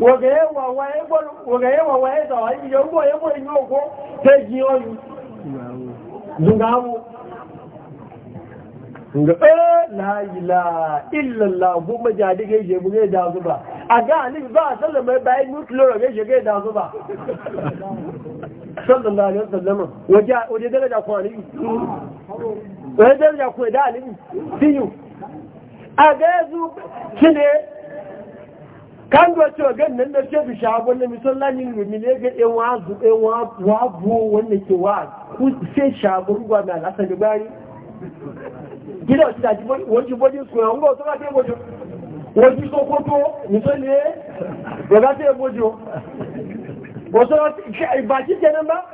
wògẹ̀yẹ́wà wà ẹ́sà wà ìyẹ̀ ọgbọ̀ ẹgbọ̀ inú ọkọ́ tẹ́jì ọyù zùgbàmù ǹgbẹ́ kan zuwa cewa gan nan da ce bisha abin da misallan rumi ne ga ɗan wazu ɗan wabu wanda ke wa ku sai shabu ruwa mai alasa da bari gida wasu daji wajen bojin su yawon ga wasu ka ce bojo wasu so koto misali ne ba za ta wasu ba shi ba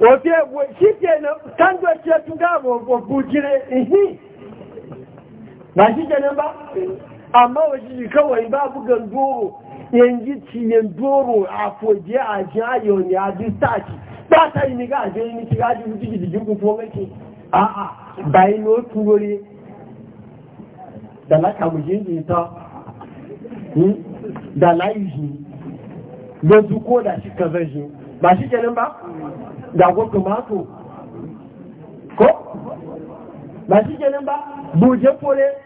wasu ya bo shi ke kan zuwa ce tun ga abubuwa jire ba shi ke ba amma waje kawai babu gandoro yanzu ci doro a foje a jayo ne a distaci ba ta yi niga a jini ci gaji wuce jirgin ko mace a a bayan yau turore da laka mujin ta hmm? da layi ji da ko da shi ka zai ji ba shi kenan ba da gwa tomato ko ba shi kenan ba buje kore.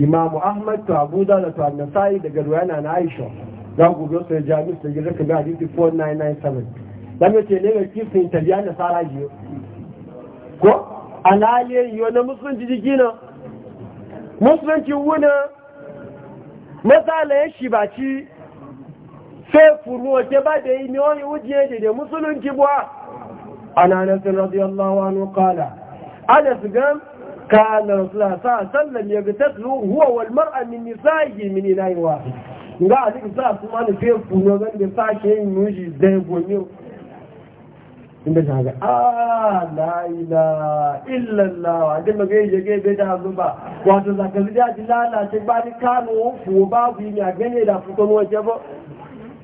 imamu ahmad to abu da da to annasai daga ruwana na aisha za ku go sai jami'u sai ga kaga hadisi 4997 dan yace ne ga kifin tabiya na saraji ko alaliye yo na musulunci jigina musulunci wuna matsala ya shi ba ci sai furu wace ba da yi ne wani wuji ya da musulunci buwa ana nasin radiyallahu anhu kala ana su gan كان رسول الله صلى الله عليه وسلم يغتسل هو والمرأة من نسائه من إناء واحد nga a cikin sa su mani fiye kuno zan da sake yin nushi zai gomi inda ta ga a la ila illallah a jima ga yaje ga bai ta zuba wato zakari da ji lalace ba ni kano fuwo yi da waje ba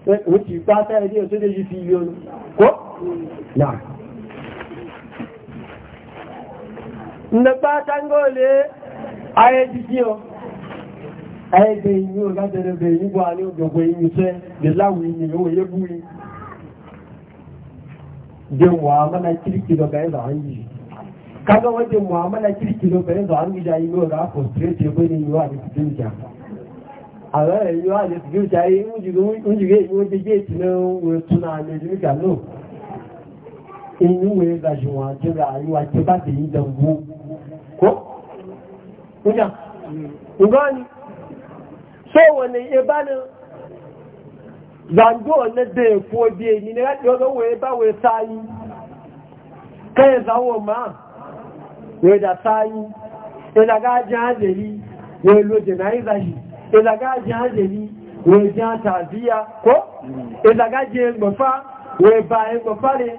eh, wuce ba ta yi da su da ji ndepata ngole aye dikio aye de inyo ga de de igbo ani ogbo inyo se de lawo inyo wo ye de wa mana kiriki do ga za hanji Ka wajen mu'amala kirki do bare za ga frustrate ko ni yo ani tin ja ara yo ani tin ja yi mu ji mu ji ge mu ji ge no wo tuna ni in yi waye ga shi wajen rayuwa ke ba da yi dambu ko? ina ugani so wani ibanin zango wani da ya ko biye ni na yaɗi wani waye ba waye sayi kan ya zawo ma waye da sayi ina gajin hajjari waye loje na yi zashi ina gajin hajjari waye jan taziya ko? ina gajin gbafa waye bayan gbafa ne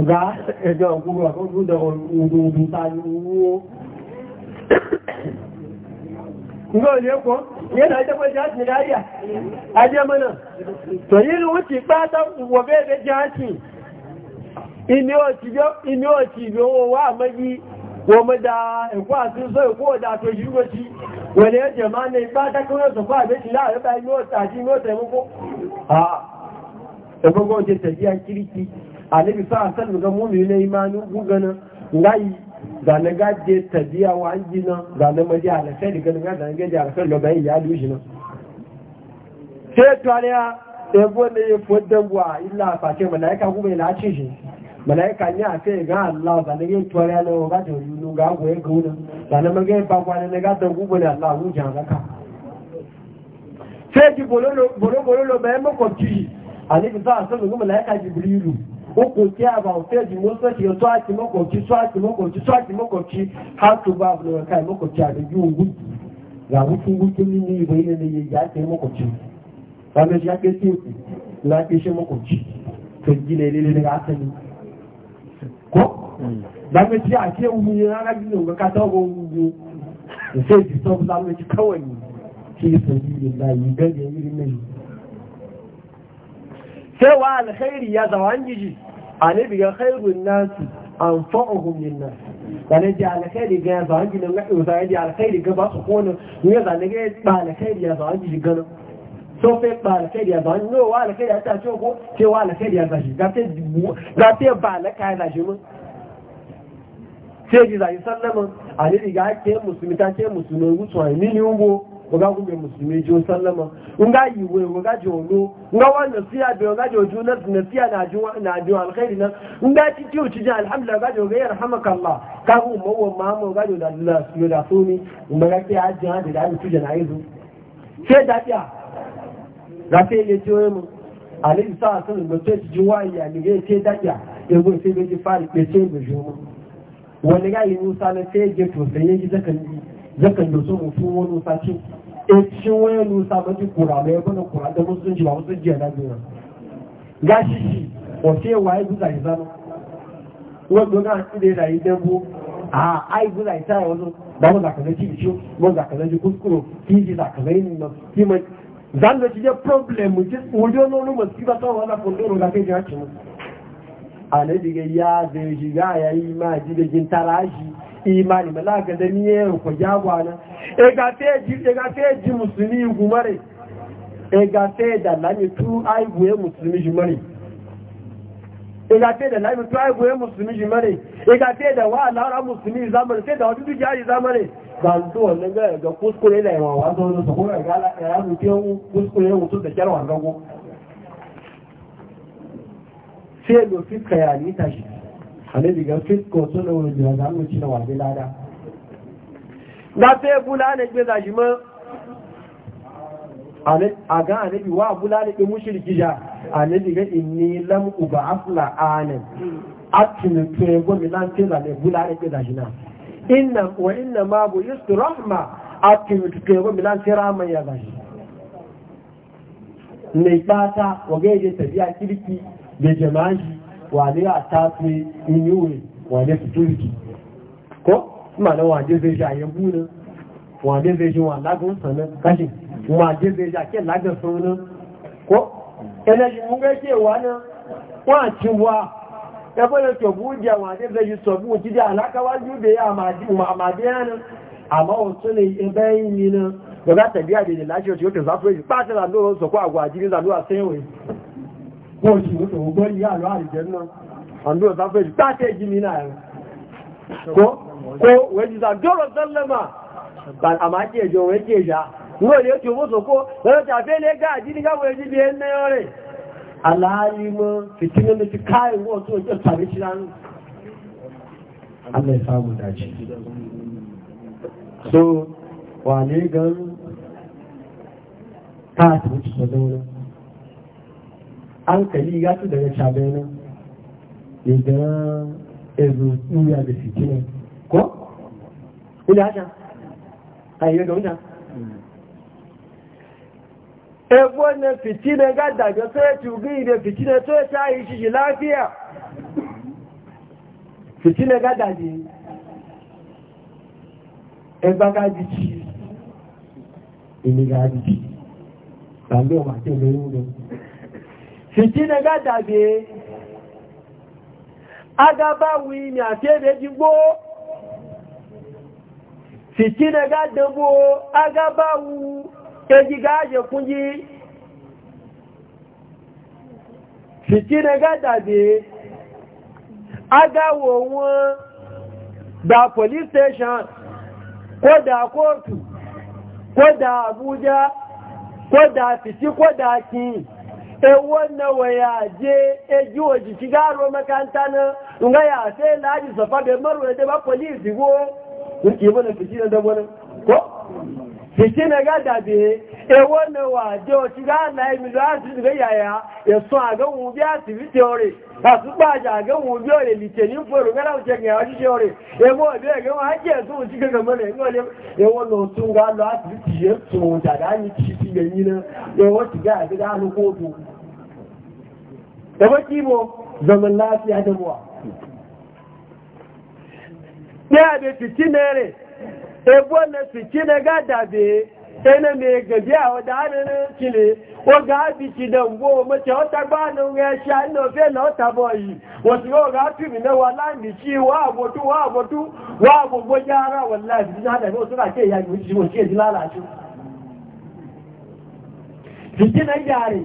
ọ̀gá ẹjọ́ ọgbọ́gbọ́ àkọ́gbọ́dọ̀ ogun ta ní owó ní òye kọ́ yẹ́nà ajẹ́kọ́ jáàtì láyà ajẹ́mọ́nà tó yínú ó ti pátá wọ̀ bẹ́ẹ̀bẹ́ jáàtì inú òtì ìlówó wà mẹ́jì wọ́n mẹ́dá ẹ̀kọ́ àti ẹ̀kọ́ ọ̀dá tó yírúgbọ́tí ní alibi sa san ga mumi ne imani gugana ngai da na gaje tabiya wa anjina da na maji alafai daga na da na gaje alafai lo ya dushi na sai to ebo ne ya fodan wa illa fa ce malaika kuma ina ci shi malaika ne a sai ga Allah da na to aliya na ga to yunu ga goye ga wuna da na maje ba kwa na ga da gugu ne Allah hu jan zaka sai ji bololo bololo bai makwabci alibi sa san ga malaika jibrilu uku ke a bauteji wasu ke yato aki makwabci su aki makwabci su aki makwabci har su ba abu da kai makwabci a da biyun gudu ga mutum gudun nini bai ne ne ya ke makwabci ba mai ya ke teku na ke shi makwabci to gina ilele daga asali ko ba mai ci a ke wuni cewa alkhairi ya zama an a ne biga khairun nasu an fa'uhun yin nan zane ji alkhairi ga ya zama jiji na zane ji alkhairi ga ba su kone ne zane ga ba alkhairi ya zama jiji ganin so fe ba alkhairi ya zama jiji wa alkhairi ya ta ce ko cewa alkhairi ya zashi ga fe ba alaka ya zashi mun sai ji zai sallama a ne biga ke musulmi ta ke musulmi wucewa miliyan goma nga kumbe musulmi jo sallama nga yiwe nga jolo nga wanda siya be nga jojo na na siya na juwa na juwa alkhairi na nga ti ti uci jan alhamdulillah ga jogo ya rahmaka allah ka ku mawo mamu ga jojo allah su da sumi kuma ga ti aji ha da da tuje na yizu sai da tiya ga sai le tiyo mu alayhi sa sun da ce juwa ya ni ga sai da tiya ya go sai be ji fari be ce be juwa wani ga yi musa na sai je to sai ya ji zakan zakan da so mu fu wani sace eci wani lusa mafi kura mai bane kura da musulunci ba musulunci ya dage nan gashi shi wasu yawa ya guza izan wanda na ide na yi dambu a ai guza ita ya wasu da mu zakalai ci bicu mu zakalai ji kuskuro ki ji zakalai ne na kima zan da shi ya problem mu ji wujo nonu masu kiba tsawon wani kundoro da kai ji hakimu a na diga ya zai shiga ya yi ma ji imani mala ga da niye ko jagwa na e ga te ji e te ji musulmi gumare e ga te da lami tu ai buye musulmi jumare e ga te da lami tu ai buye musulmi jumare e ga te da wa lara musulmi zamare te da wadu jari zamare ba su wannan ga ga kuskure da yawa wa zo su ko ga la ya mu ke annabi ga fisko suna wani jira za mu cina waje lada na sai bula ne gbe za shi ma a ga anabi wa bula ne gbe mushirki ja annabi ga inni lam uba afla anan atinu to ya e gomi lan teza ne bula ne gbe za na inna wa inna ma bu yustu rahma atinu to ya e gomi lan tera man ya za shi mai bata wa gaje e tafiya kirki da jama'a wale a tafi inuwe wale security ko mana wade zai sha ya buna wade zai shi wa lagun kashi kashin wade zai sha ke lagun sanan ko energy mun ga ke wani kwaci wa ya fara ke buja wade zai shi sabu ki da alaka wa jube ya amadi yanin amma wasu ne ibayin yi nan ba za ta biya da lashe wata yau ta zafi rai ba ta zanuwa wasu ko agwaji ne zanuwa sai yau wọ́n sì mú tòun gbọ́ ìyá àlọ́ àìjẹ́ náà àndó ọ̀sán fẹ́ jù kó wẹ́jìsà dọ́rọ̀ sọ́lẹ́mà àmájí ẹ̀jọ̀ wẹ́jì ẹ̀yà tí ó mọ́ sọ́kó ti káà ìwọ̀n tó so gan hankali ya su daga shabenin idan ezo tsuya da fitinin ko? ila haka a yi ga wuta ebo na fitinin ga daga sai tugi da fitinin sai ta yi shi lafiya fitinin ga daji ẹgbága jìjì ìnira jìjì tàbí ọmọ àti ìlú ìlú fitina ga dabe agaba wi ni atebe jigbo fitina ga dabo agaba agabawu eji ga je kunji fitina ga dabe agawo won da police station ko da kotu ko da abuja ko da fiti ko da kin wannan waya je e jiwo jiki garo makanta na nga ya sai laji safa da marwa da ba go mana na dabo ko fici na ga da be e wannan wa je e e o ti ga na mi da su ga yaya e so biya ti su ba ja ga biyo le ni ga je ga ore e mo be ga wa su ti ga e wannan tun ga lo je su da da ni ti ti ga ni na e ti ga ga ko to da baki bo zaman lafiya da muwa ya e da fiti e ne re ebo na fiti ne ga dabe ene me gabi a wada hannun kile o ga abiki da mbo mace wata gbanin ya sha ina ofe na wata yi, wasu yau ga fi mi na wala mi ci wa abotu wa abotu wa agbogbo yara wallahi bi na hada ne wasu na ke ya yi wuce wuce ji lalace fiti na yare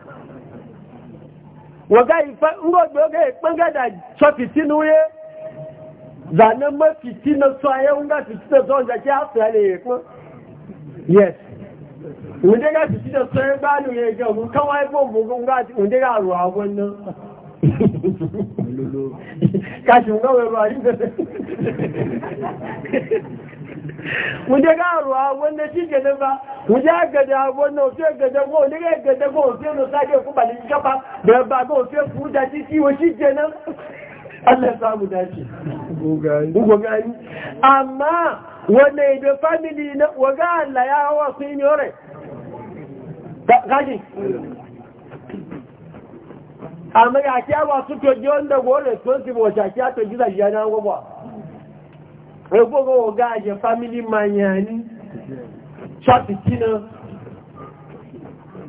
wọ̀gá ìfẹ́ ńgbọ̀gbọ̀gbẹ̀ ìpẹ́gẹ́dà sọ fìtínú yé zanen ma fìtínú sọ ayé ń gá sọ lè yes ǹdẹ́gá fìtínú sọ ẹgbẹ́ wunde garuwa wanda chi gada ba wunde gada na ofe gada ko ga gada ofe no sake kuma da gaba da ba kuru ofe fuda shi kiwo shi kenan samu amma ibe famili na waga ala ya hawa sun yi ore gaji ya ya na ẹgbọ́gbọ́ ọ̀gá àjẹ fámílì máa yàn ní ṣàtìkí náà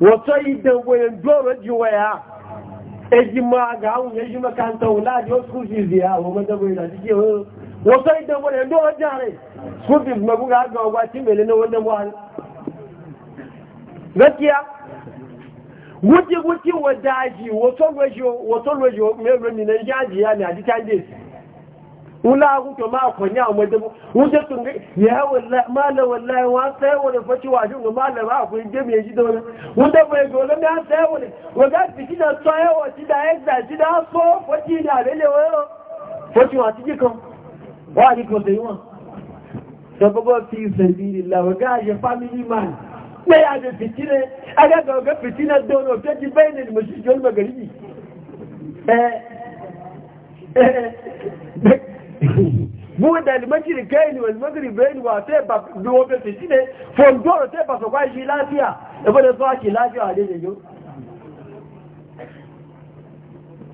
wọ́tọ́ ìdẹ̀wò ẹ̀dọ́rọ̀ jù wẹ̀ á ẹjì máa gà áwùn ẹjì mẹ́kàntà òun láàájú ó skúl fìzì àwọn ọmọdébò ìdàjíjì ọ̀rọ̀ wọ́tọ́ ìdẹ̀wò ẹ̀dọ́rọ̀ jàre skúl fìzì mẹ́gúgà àgbà ọgbà tí mẹ́lẹ́ náà wọ́n dẹ́wọ́ gaskiya guji guji wa wato lojo wato lojo mai rumi na jaji ya ne a duk wula kuke ma akwai ya umar dabu wuce tun ga ya mala wallahi wa sai wani faci wa shi ma la ba akwai je me shi da wani wuta bai dole ne sai wani wa ga fiki da tsaye wa shi da ya da shi da so faci da bele wayo faci wa shi kan wa ni ko sai wa sababa fi sabilillah wa ga ya family man ne ya da fitine aga ga ga fitina dono ta ji bainal mushrikin magaribi eh eh, eh. buɗe almashiri kai ne wani magari wa sai ba duwo fondoro sai ba kwa shi lafiya e ba da zuwa lafiya a daidai yau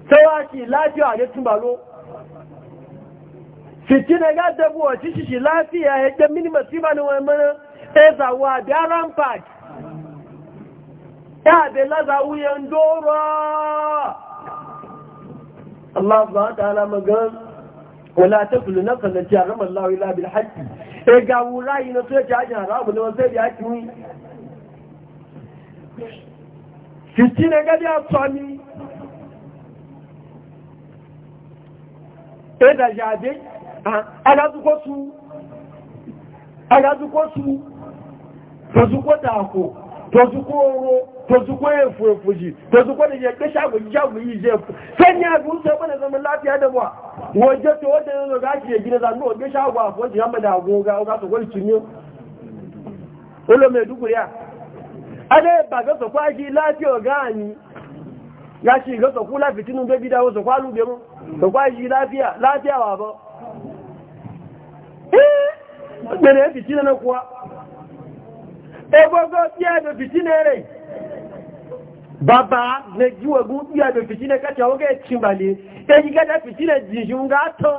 tsawa shi lafiya a daidai tumbalo fiti na shi lafiya ya ɗan mini masifa na e wa da rampart ya bai laza wuyan doro Allah subhanahu wa ta'ala magana wala taqulu nafsan allati harrama Allahu illa bil haqqi e ga wurai na sai ta ajin haramu ne sai da haƙi ni fitina ga da tsani e da jabe ala zu ko su ala to su koye fuji to su kwada je kashe abu ji abu yi je san ya bi wuce mana zaman lafiya da ba waje to wanda yanzu ga shi ya gina zanu waje shago a fuji yamma da goga ga su kwari cinye ulo mai duguriya ada ba ga su kwaji lafiya gani ya shi ga su kula fitinin da bida wasu kwalu da mu su kwaji lafiya lafiya wa ba eh da ne fitina na kuwa ego go biya da fitina rai baba na jiwa gudiya da fitine kata waga cimbale ta yi gada fitine jishin gato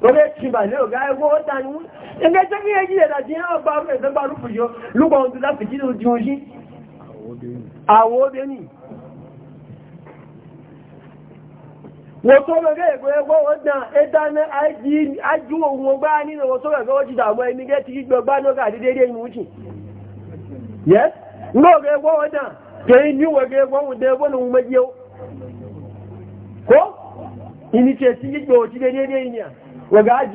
waga cimbale waga e ya gowa tanu in ga yi gida da jiya ba mai zan ba rufu lugba wanzu za fitine jiyoshi a wobe ni wato waga egwe egwe wadda ẹta e na ajiwo wọn gbá nínú wato waga wajida àwọn ẹni gẹ́ ti gbogbo gbá náà kà dédé yes ngọ́ ogẹ́ egwe wadda ke ni wage gwanwu da wani umariyau ko ini ce ti yi gbawaci da waga abu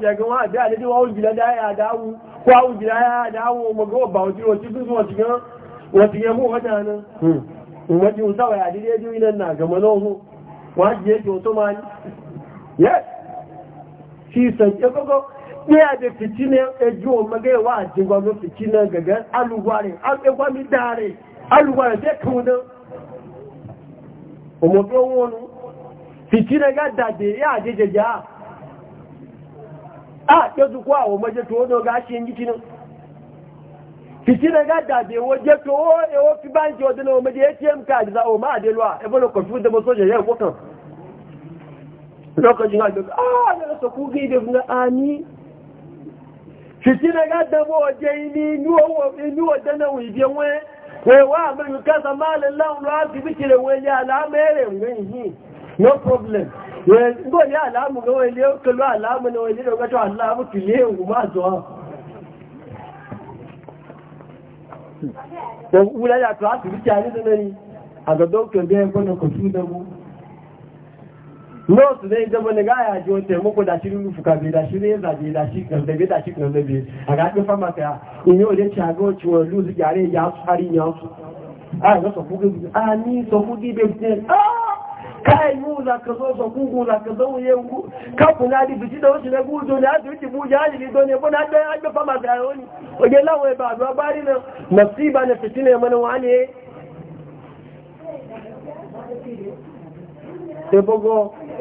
ga wani abiya da jiwa wujila da ya dawo ko a ya dawo maga wa bawaci wacce na gama hmm. na hu wajen yake wato ma ni yes shi san ya kogo ɗaya da a jingwamin alùgbà ẹ̀jẹ́ kan náà òmòdó wọnú fìtínẹ̀ gá dàdé yá àjẹjẹjá á tẹ́jú kó àwọn ọmọdé tó ó gá ṣe ń jí kínú fìtínẹ̀ dàdé wọ́n jẹ́ tó ó ewó fi bá ń jẹ ọdún náà ọmọdé atm card za o máa délúwà ẹbọ́n lọkọ̀ fún dẹmọ ah, ọjẹ́ inú ọdún náà ìbí wọ́n wewa mai kasa malin launin rafi bikire wani alama yare wani no problem ngo ni alamu ga wani yau kalu alamu na wani da gato alamu kile yin kuma zuwa wula ya to asibiti a nisanari a ga doktor da ya kwanan kwasu da mu nọ́ọ̀sì lẹ́yìn jẹ́mọ́ ní gáyà jọ tẹ̀mọ́kọ́ dàṣí rúrú fùkà bí dàṣí rí ẹ̀zàdì dàṣí kẹ̀lẹ̀bẹ̀ dàṣí kẹ̀lẹ̀bẹ̀ àgágbé fámàkà ìyẹn òde tí àgọ́ tí wọ́n lù sí yàrá ìyá sáré yàn sọ àìsọ sọ fún gígbé a ní sọ fún gígbé tí káì mú làkàzọ́ sọ fún gùn làkàzọ́ òye wú káàkùn náà di bìtí lọ́wọ́ sílẹ̀ gúú jọ ní àti ìtì mú yá ìlì tó ní na àgbẹ́ àgbẹ́ fámàkà ẹ̀họ́ ni òye láwọn ẹ̀bà àdúrà bá rí na mọ̀ sí na sílẹ̀ na wọ́n na ní ẹgbọ́gbọ́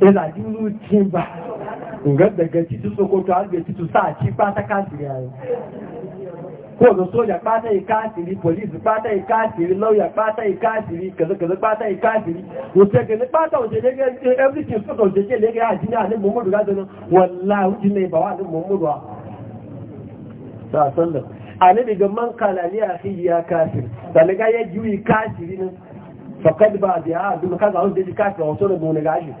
ìlàdí ló ti bá ǹgẹ́gbẹ̀gẹ́ títú sókótó àgbẹ̀ títú sáà tí pátá káàkiri ààrẹ kóòdù sójà pátá ìkáàkiri pòlìsì pátá ìkáàkiri lọ́yà pátá ìkáàkiri kẹ̀lẹ̀kẹ̀lẹ̀ pátá ìkáàkiri òṣèkẹ̀lẹ̀ pátá òṣèlẹ́gẹ́ everything sọ́tọ̀ òṣèkẹ̀lẹ́gẹ́ àjíyà ní mọ́mọ́dù gádẹ́nu wọ́n láàrú jílẹ̀ ìbàwà ní mọ́mọ́dù wa sàásọ́lẹ̀ àníbìgbẹ̀ mọ́ǹkàlà ní àfíyà káàkiri tàbí ká yẹ ju ìkáàkiri náà faƙad ba da ya duk ka zaun da jika ta wato da gona gashi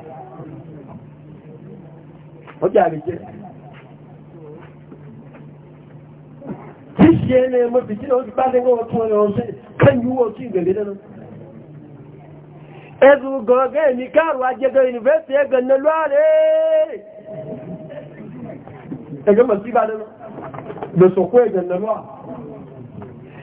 wajen abinci kishiye ne mafi kina wasu ɓatin ga wato ne wasu kan yi wasu gari da nan ezu goga ni karu je ga university ya ganna lware ta ga masu ba da nan da sokwe ganna lware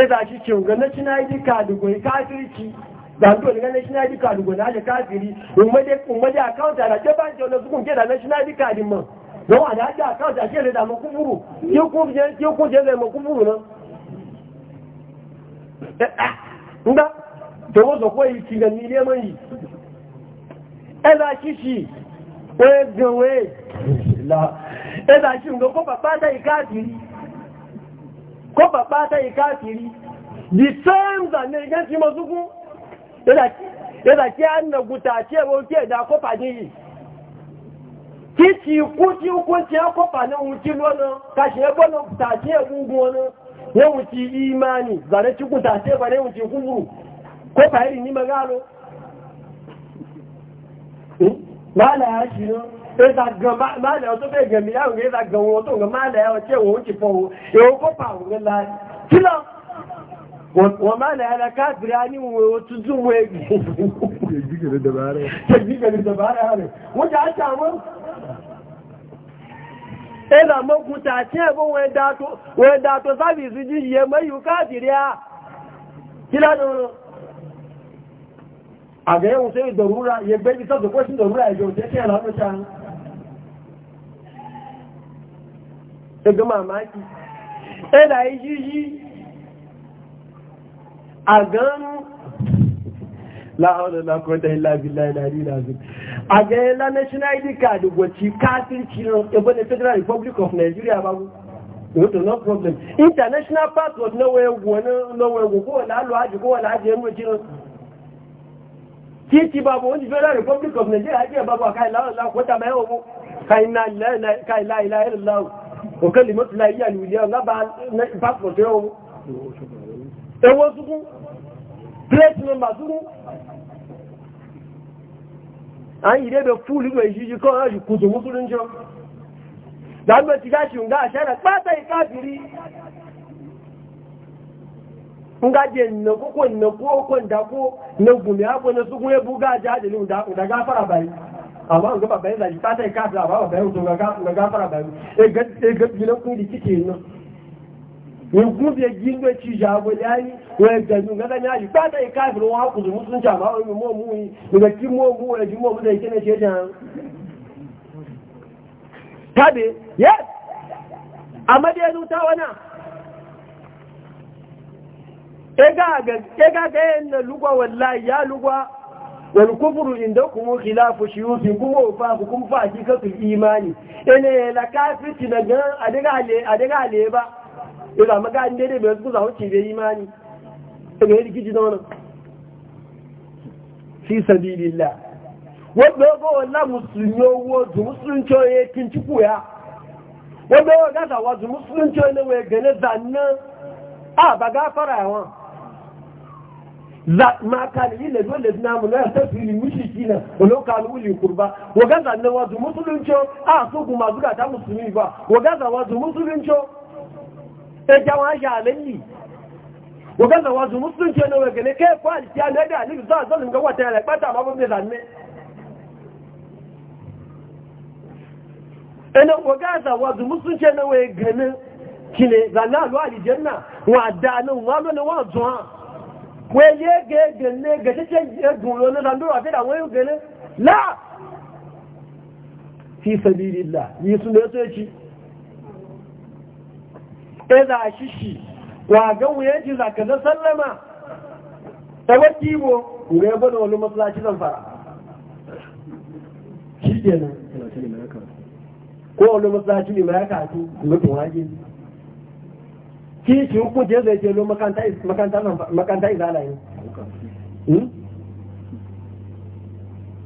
ya za shi cewa ga national id card goyi kafirci zanto daga national id card goyi na shi kafiri umarje account a rake ban cewa su kunke da national id card man don a da ake account a ke da makufuru ki kuje zai makufuru na. Eh, eh, nga to wo so ko yi ti ga ni le mo yi e la shishi e gwe la e shi ngo ko papa ta ikati ko babba ta yi kafiri the same da ne gan ci mazuku yadda ki an na guta ce wauke da kofa ne yi ki ci kuci hukunci ya kofa na wuci lona kashe ya gwana guta ce gungun wani ya wuci imani zane ci guta ce ba ne wuci gungun kofa iri ni magalo ba la ya shi ne ẹ̀ta gan máa lẹ́wọ́ tó fẹ́ gẹ̀mí láwọn ẹ̀ta gan wọn tó gan máa lẹ́wọ́ tí ẹ̀wọ̀n ti fọ́ wọn èwọ̀n kó pa àwọn lọ wọ́n máa lẹ́yà káàkiri á ní tuntun wọ́n jà á jà wọ́n ẹ̀bọ́ wọn ẹ̀dà tó sábìsì jí yẹ mẹ́yù káàkiri á kí lọ́dún àgẹ́yẹ̀wò sí ìdọ̀rúra yẹ gbẹ́gbẹ́ sọ́dọ̀ pẹ́sìn ìdọ̀rúra ẹ̀jọ̀ tẹ́kẹ́ ẹ̀lá daga mamaki ɗaya yi jiji a gano la'aunar lakwata illa na a ga national id card federal republic of nigeria no problem international passport na waye wani na waye ko wala alu haji ko wala haji yanzu cinan titi babu federal republic of nigeria haji babu a kai la'aunar lakwata mai yawon kai la وكلمة لا هي الولياء لا بعد باسبورت يوم ẹwọ́ súnkún plate number súnkún a ń yìí lébẹ̀ fúlù ìgbẹ̀ ìṣíṣí kọ́ ọ̀rọ̀ ìkùtù mùsùlù ń jọ lágbẹ̀ ti gáṣì ń gáṣẹ́ rẹ̀ pátá ìkáàbìrí ń gájẹ̀ ìnàkókò ìnàkó ókò ìdàkó amma ga babban zaki ta sai ka ta ba babban to ga ga gafara ba e ga e ga gidan ku di kike no ne ku bi gindo ci jabo yayi we ga nu ga ganya ji ta sai ka fi ruwa ku mu sun jama wai mu mu ni ga ki mu mu da ji mu mu da kene ce ta tabe yes amma dai zuta wana ega eh, ga ega ga yan lugwa wallahi ya lugwa والكفر عندكم خلاف شيوخكم وفاقكم فاقكة الإيمان إنه لكافر تنقى أدقى عليه با إذا ما قاعد ندري بيسكوز أهو تشيبه إيماني إنه يلي كي في سبيل الله وبيبه والله مسلم يووز مسلم شوية كنتكو يا وبيبه قاعد أواز مسلم شوية ويقنزان آه بقى فرع وان za ma kana yi lazo da namu na ta fili mushiki na wala kana wuli kurba waga za na wazu musulunci a so ma zuga ta musulmi ba waga za wazu musulunci e ja wa ja lalli waga za wazu musulunci na waga ne kai kwa alkiya na da ni za zalin ga wata ya bata ma ban da zanne ina e waga za wazu musulunci na waga ne kile zanna alwa aljanna wa da nan wa na wa zuwa wọ́n yé gẹ́gẹ́lé gẹ̀ẹ́sẹ̀ ẹgbùn lọ lọ́nà lọ́rọ̀ àti àwọn yóò gẹ̀ẹ́lé láà fi sẹ̀bí ìrìnlá ní ìsúnlẹ̀ tó ẹ̀kí ẹ̀dà àṣíṣì wà gẹ́wùn yẹ́ ti zàkẹ̀ẹ́ sẹ́lẹ̀mà ẹgbẹ́ tí ìwò ìrẹ́ ẹgbọ́n ma ya ki shi hukun je zai jelo makanta izala ne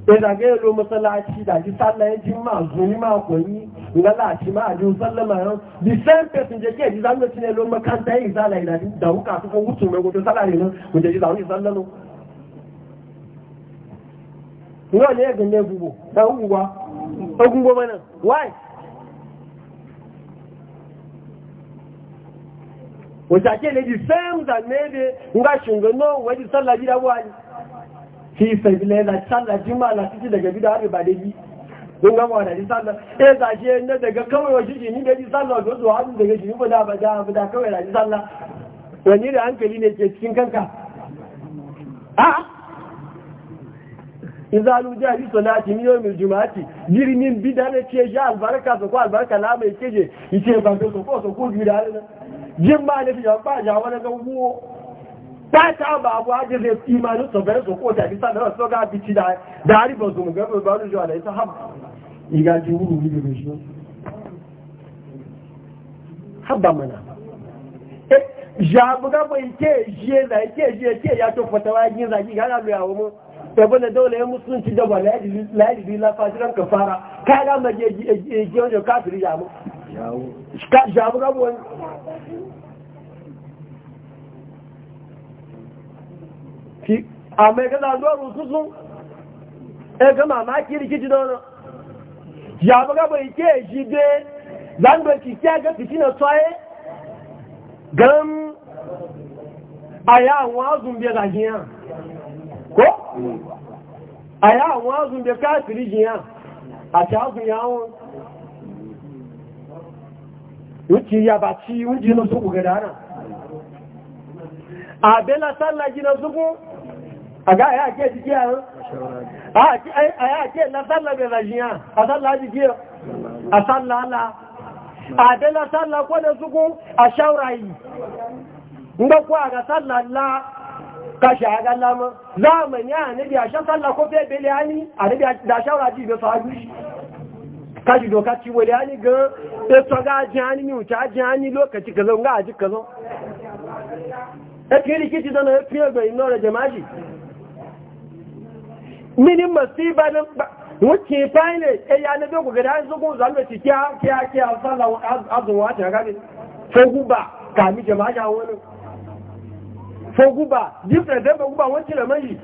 ìdàgé ìlú mọ́sálásí ìdàjí sálẹ̀ ẹjí máa gùn ní máa pọ̀ yí ìgbàlá àti máa jù sálẹ̀ máa rán the same person jẹ́ kí ẹ̀jí sálẹ̀ sí ẹlú mọ́kàntà ìzálẹ̀ ìdàjí dàwúkà fún wùtù mẹ́gbọ́tọ̀ sálẹ̀ rẹ̀ kò jẹ́ jí dàwúkà sálẹ̀ ni why wacce ne di same da ne da nga shingano waje sallah gida wani fi sabila da sallah jima na cikin daga da har ba da yi don ga wani di sallah eh da je ne daga kawai waje ji ni da di sallah da zuwa hannu daga shi ko da ba da ba da kawai da di sallah wani da hankali ne ke cikin kanka a iza lu ja bi salati min yawmil jumu'ati jirinin bidane ce ja albarka so ko albarka la mai keje yace ba so ko so ko bidane Yin ba ne fiye ba ja wani wuwo ta ta ba abu a zai imanin sobere so ko tafi sa da soga bici da da ba su mugar ba wani zuwa da ita ham iga ji wuru wuri da shi haba mana ja buga bai ke jiye da ke jiye ke ya to fata wa yin zagi ga na luyawo mu tabi da dole ya musulunci da ba jiri la fajiran ka ga maje jiye jiye kafiri ya mu jabu ki amma ya gaza zuwa rususun ya ga mamaki rikici da wani ya buga bai ke shi be zan bai ki kya ga fiti na tsaye gan a yi awon azun bai zahiya ko a yi awon azun bai kafiri jiya a ta azun yawon wuce ya ba ci wuce na suku gada dana a bela na gina suku àgá àyà àjẹ́ ìdíjẹ́ àrùn àyà àjẹ́ ìlàsálà bẹ̀rẹ̀ jìyàn àsálà àjíjẹ́ àsálà lá kashi aga lama zamani a nabi a shan sallah ko fe bele ani a nabi da shawara ji be fa gushi kashi doka ci wale ani ga e to ga fiye mini masiba nan wuce fayi ne e eh, ya na bai gugada an zugun zalwa ci kiya kiya kiya sala azuwa ta gani foguba kami jama'a ja wani foguba different da foguba wancin da mai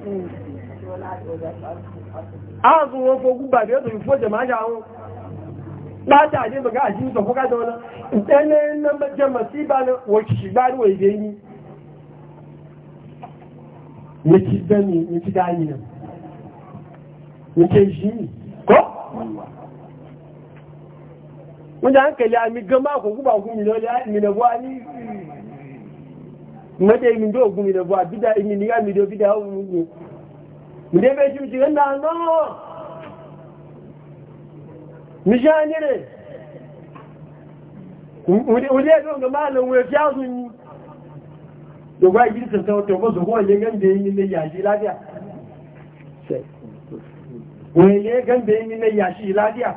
azuwa foguba da ya yadda yufo jama'a ja wani ɗata ne ga a jinsa kuka da wani ɗanayin nan majan masiba na wacce shi ba ni wai dai ni. Ni ci gani, ni ci gani nan. yake shi ko wanda hankali a migan mako guba gumi na mina buwa ni mada yi mindo gumi na buwa bida imi ni ya mido bida hau mugu mide bai shi shirin na no mishani ne wuli ya zuwa ga malin wuya fiya sun yi da gwa yi girsa sautar ba su kowa yin gan da yi ne yaji lafiya sai wele gan da yi na yashi ladiya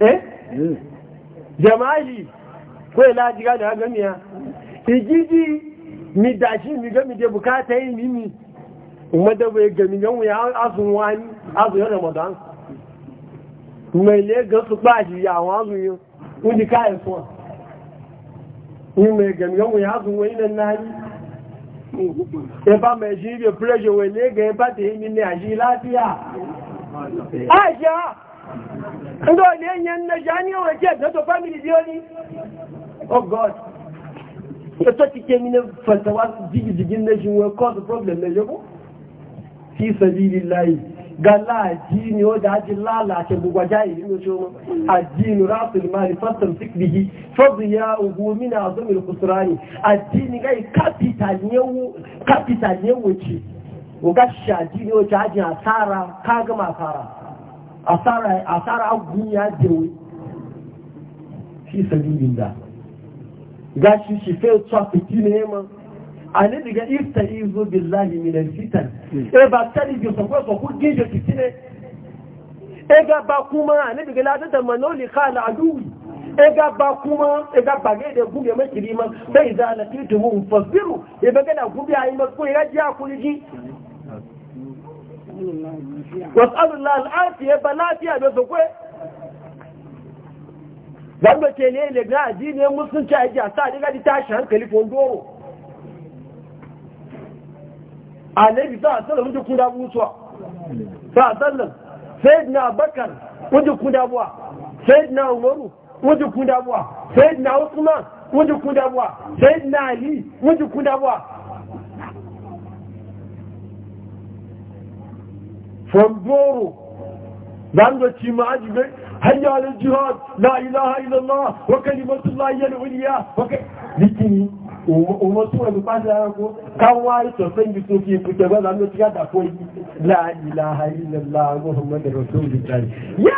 eh hmm. jama'i yi lajiga da gamiya igigi mi dashi mi gami da bukata yi mimi wadda bai gami gan wuya azun wani azun yau ramadan mai le ga su shi ya wa azun yi wuji kayan suwa yi mai gami gan wuya azun wani nan na ni e wai mẹ̀ṣí ga pírẹ́ṣẹ̀ ba ta yi mi a shi lafiya aisha ndọ́ ilé yẹn ń lẹ́ṣà ní ọ̀rẹ́ jẹ́ ẹ̀dọ́tọ̀ fámìlì bí ó ní oh god ẹ̀tọ́ ti kẹ́ mi fẹ̀tẹ̀wá jígìjìgì lẹ́ṣù wọn cause problem lẹ́ṣọ́ kú sí sẹ́lìlì láì gálà àjíni ó dá jí lálà àti gbogbo ajá ìlú ló ṣe wọn àjíni ráfìlì máa ní fásitì síkìlìyí fọ́bì ya ogun omínà àzọ́mìlì kùsùránì àjíni gáì kápítà ní ẹwọ́ kápítà ní ẹwọ́ ga shaji ne wacce hajji asara ka gama asara asara asara agun ya dewe fi sabilin da ga shi shi a tsafiki ne ma A ani ifta izo billahi min alfitan e ba tari bi sokwa sokwa ginjo kitine e ga ba kuma ani diga la ta manoli khala aduwi ega ba kuma ega bage da gube mai kirima sai za na titu mun fasiru e baga na gube ayi ba ko ya ji akuri ji Wasu wasallallahu al'afiya ba lafiya da su kwe zamba ce ne ne ga addinin musulunci a jiya sa diga di tashi hankali ko doro alaihi a sallam ji kuda butuwa sa sallam sayyidina bakar wuji kuda buwa sayyidina umaru wuji kuda buwa na usman wuji kuda buwa na ali wuji kuda buwa famboro zan da ci ma aji bai hanya da jihad la ilaha illallah wa kalimatullahi yes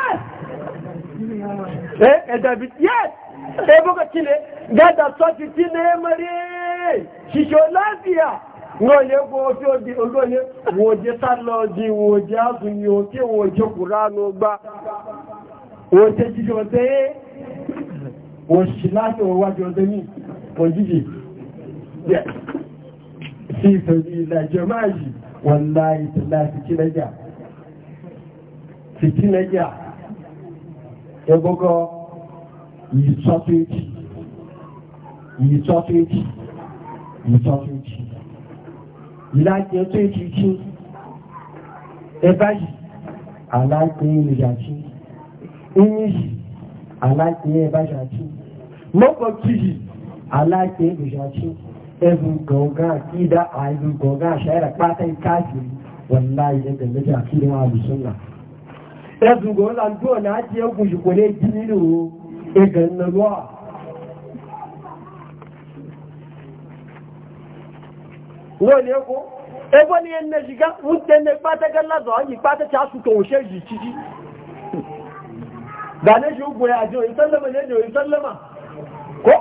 eh, yes ẹgbọ́gbọ́ kílẹ̀ wọ́n kó tí ó di olóyẹ wọ́n jẹ́ sálọ di wọ́n jẹ́ àtúnyẹ tí wọ́n jẹ́ kùránù gbá wọ́n jẹ́ jíjẹ ọ̀tẹ́ wọ́n ṣì láti ọwájú ọdẹ́ ní òjìjì sí ìfẹ̀lú ìlàjọ máa yìí wọ́n láì láti ẹ̀tọ́ ìtìjú ẹbá yìí aláìpé ìrìnàjí inú yìí aláìpé ẹbájájú lọ́pọ̀ tí yìí aláìpé ìrìnàjí ẹbù gọ̀ọ̀gá àkídá àìlú gọ̀ọ̀gá àṣẹ́rẹ̀ pátá ìkáàkiri wọ́n láì wọ́n ni ẹkọ́ ẹgbọ́n ni ẹnẹ́ ṣìgá ń tẹ́lẹ̀ pátẹ́gẹ́ lázọ̀ ọ́yí pátẹ́ tí a òṣẹ́ yìí títí gànẹ́ṣì ogun àjò ìsẹ́lẹ̀mọ̀ lẹ́nu ìsẹ́lẹ̀mọ̀ kọ́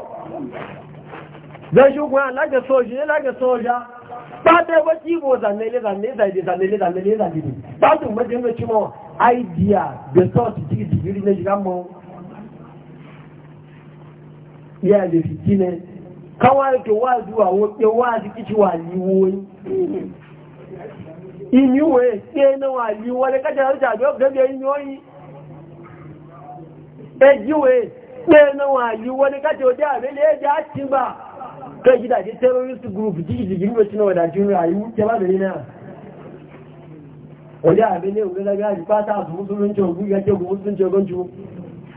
káwàá ètò wà ju àwọn pé wà sí kí ti wà líwó ìníwò èsì ẹ̀nà wà líwó lẹ́kẹ́jẹ̀ àríjà àjọ gẹ́gẹ́ na ọ̀yí ẹjíwò èsì ẹ̀nà wà líwó lẹ́kẹ́jẹ̀ òjá àrẹ́lẹ́ ẹjá àtìgbà kẹjìdàjẹ́ terrorist group jíjìjì níwò tí wọ́n dájú àìwú tẹ́lábẹ̀rẹ̀ náà ọjá àrẹ́lẹ́ ògẹ́gẹ́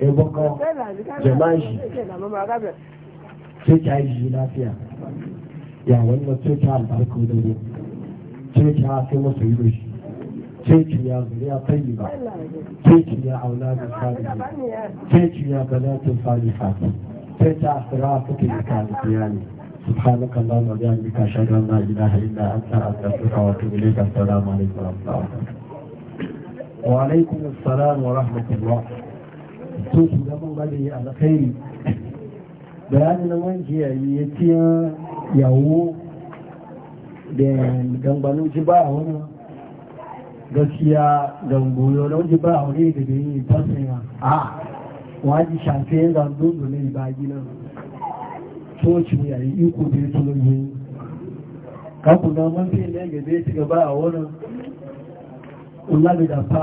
eboko jama'i cuta yi lafiya ya wannan cuta albarku da ne cuta sai masu yi shi cuta ya zuriya tayi ba cuta ya aula da salihu cuta ya banatun saliha cuta asira suke yi ka alfiya ne سبحانك اللهم وبحمدك اشهد ان لا اله الا انت استغفرك واتوب اليك السلام عليكم ورحمه الله وعليكم السلام ورحمة الله sun shugaban bari a ne bayanin na wanki ya yi ya ci yawo da gangbanin ji ba wani gaskiya gangoyo na wajen ba wani da bai yi fasina a wajen shafe yin zandun da ba bagi nan coci ya yi iko da ya tulon yi kakuna mafi ne ga bai ci gaba a wani ulabi da fa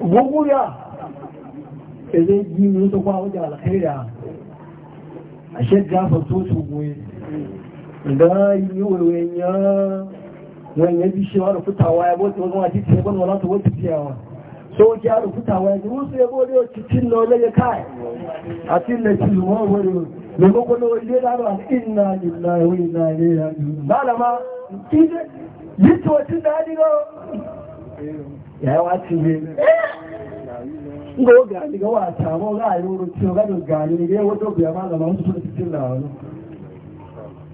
gbogbo ya ẹ̀rẹ́ yìí ni tó pa ọjà àlàkẹ́rẹ́ àṣẹ gáfà tó bí ṣe wọ́n rọ̀fútàwà ẹgbọ́ tí wọ́n ti tẹ́ ẹgbọ́n wọ́n látọwọ́ ti tẹ́ àwọn jẹ́ rọ̀fútàwà ẹgbẹ́ wọ́n sí ẹgbọ́ orí ó tí lọ lẹ́yẹ káà àti ilẹ̀ tí wọ́n wọ́n rẹ̀ lọ́gbọ́gbọ́ nítòsí dáadìrọ yawa ci ne ga o gani ga wata mo ga ayi wuro ci o ga do gani ne wo do biya ma ga ma su ci la wani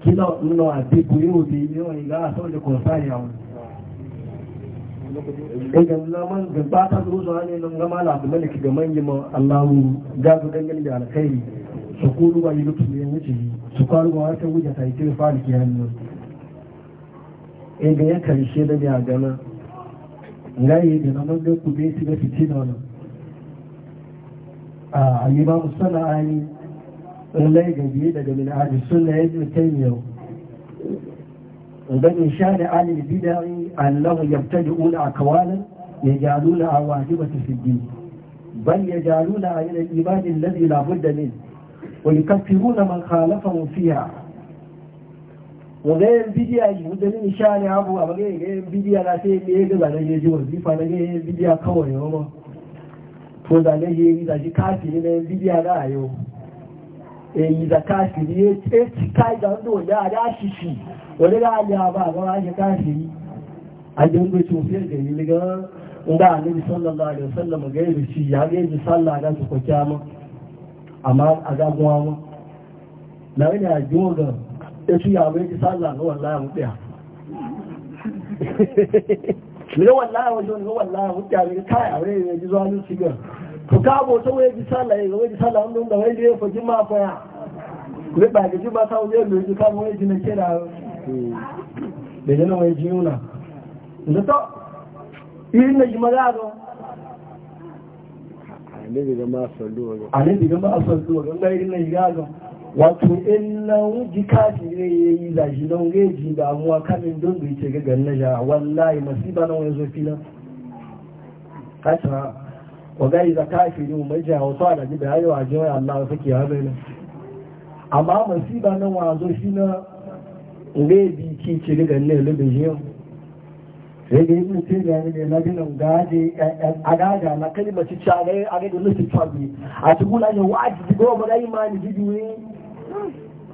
kilo nno abi ku yo bi ni o ga so de ko sa ya wani e ga na man ga ba ta zo so ne nan ga mala abu malik ga man yi ma Allahu ga su dangane da alkhairi su kulu ba yi lutu ne ne ci su kulu ba ta wuce ta yi ebe ya karshe da ya gana raye da na manga ku bai shiga fice da wani a alima musana ani lallai ga biye daga min hadi sunna ya zo kan yau idan in sha da ali bid'ai allahu yabtadi a akwala ya jalu ba wajiba tisbi bal ya jalu la ayyul ibadi alladhi la budda min wa yukaffiruna man khalafahu fiha wanda yin bidiya yi wanda ne sha ne abu a bagaye ga yin bidiya na sai ne ga zane ya ji wanzu fa na ga yin bidiya kawai yau ma to zane ya yi zaji kafi ne na yin bidiya na a yau e yi za kafi ne ya ci kai da wanda wanda a da shi shi wani ga aliya ba ga wani kafi a ẹ̀ṣù yàwó ẹ̀kì sálà ló wà láàrùn pẹ́ Mílọ́wà láàrùn jọ níwọ̀n láàrùn pẹ́ àrẹ káà àrẹ ìrìn ẹjú zọ́nù sígà. Kò káàbò tó wé ẹ̀kì sálà ẹ̀rọ ẹ̀kì sálà ń lọ́nà wẹ́lé ẹ̀fọ́ jí máa fọ́ yà. Nígbà ìgbẹ́jú bá sáwọn ẹ̀lú ẹjú káàbò ẹ̀jì ní kéèrà rẹ̀. Bẹ̀rẹ̀ náà ẹ̀jì yóò nà. Ǹdọ́tọ́, ìrìn ẹ̀jì mọ́ láàrùn. Àlébìgán máa sọ̀lú ọ̀rọ̀. Àlébìgán na sọ̀lú ọ̀rọ̀ wato in nan ji kafire ya yi zaji don gaji amuwa kamin don bai ce gagar na ja wallahi masiba nan wani zofi nan kasa wa gari za fi mu mai jawo to da gida yayi wa jiwa Allah wasu ke bai nan amma masiba nan wa zofi na gaji ki ce gagar na yalu da jiyan sai da yi mun ce da ne na ginin gaji a gaja na kalmar ci a ga da nufin tabi a cikin lajin wajibi goma ni imani jibiyoyi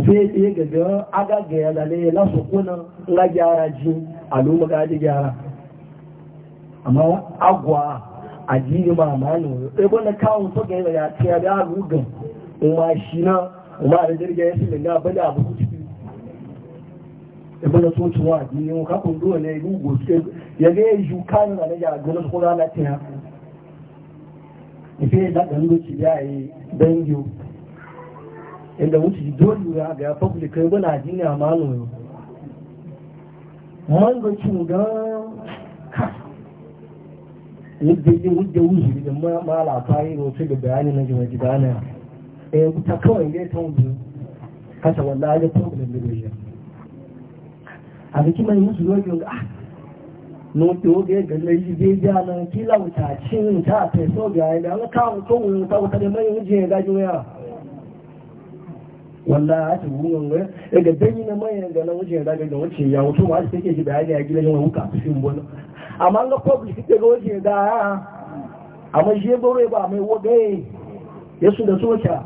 sai iya gaga agaga ya zane ya lasu kunan na ji a lomar gaji gyara amma agwa a jini ma ma ne sai Ee, kawon soka yi ya ce ya ga rugan ma shi na ma da jirgin ya silin ga bada abu su ciki ibada so ci wa jini mu kafin duwa ne rugo ya ga ya ju kanin na ya su na ife lokaci ya yi dangiyo inda wuce ji dole ya ga ya fafi kai wani addini a malon man ga cuga ka yadda yin wujda wuce da mala ta yi rotu da bayani na jima gidana eh ta kawai ne ta wuce kasa wanda wallahi ta kuma da bibiya a bikin mai musu zo yin ga ah. no to ga ga lai je ja nan kila wuta cin ta ta so ga ya ga kawo to wuta wuta da mai wuje ga juya Wanda ake ta wurin wani daga danyi na manyan ganin wajen daga ga wacce ya wuto ma take shi da ya gina yin wuka su yin bono amma ga public ta ga wajen da ya amma shi gore ba mai wagaye ya su da soca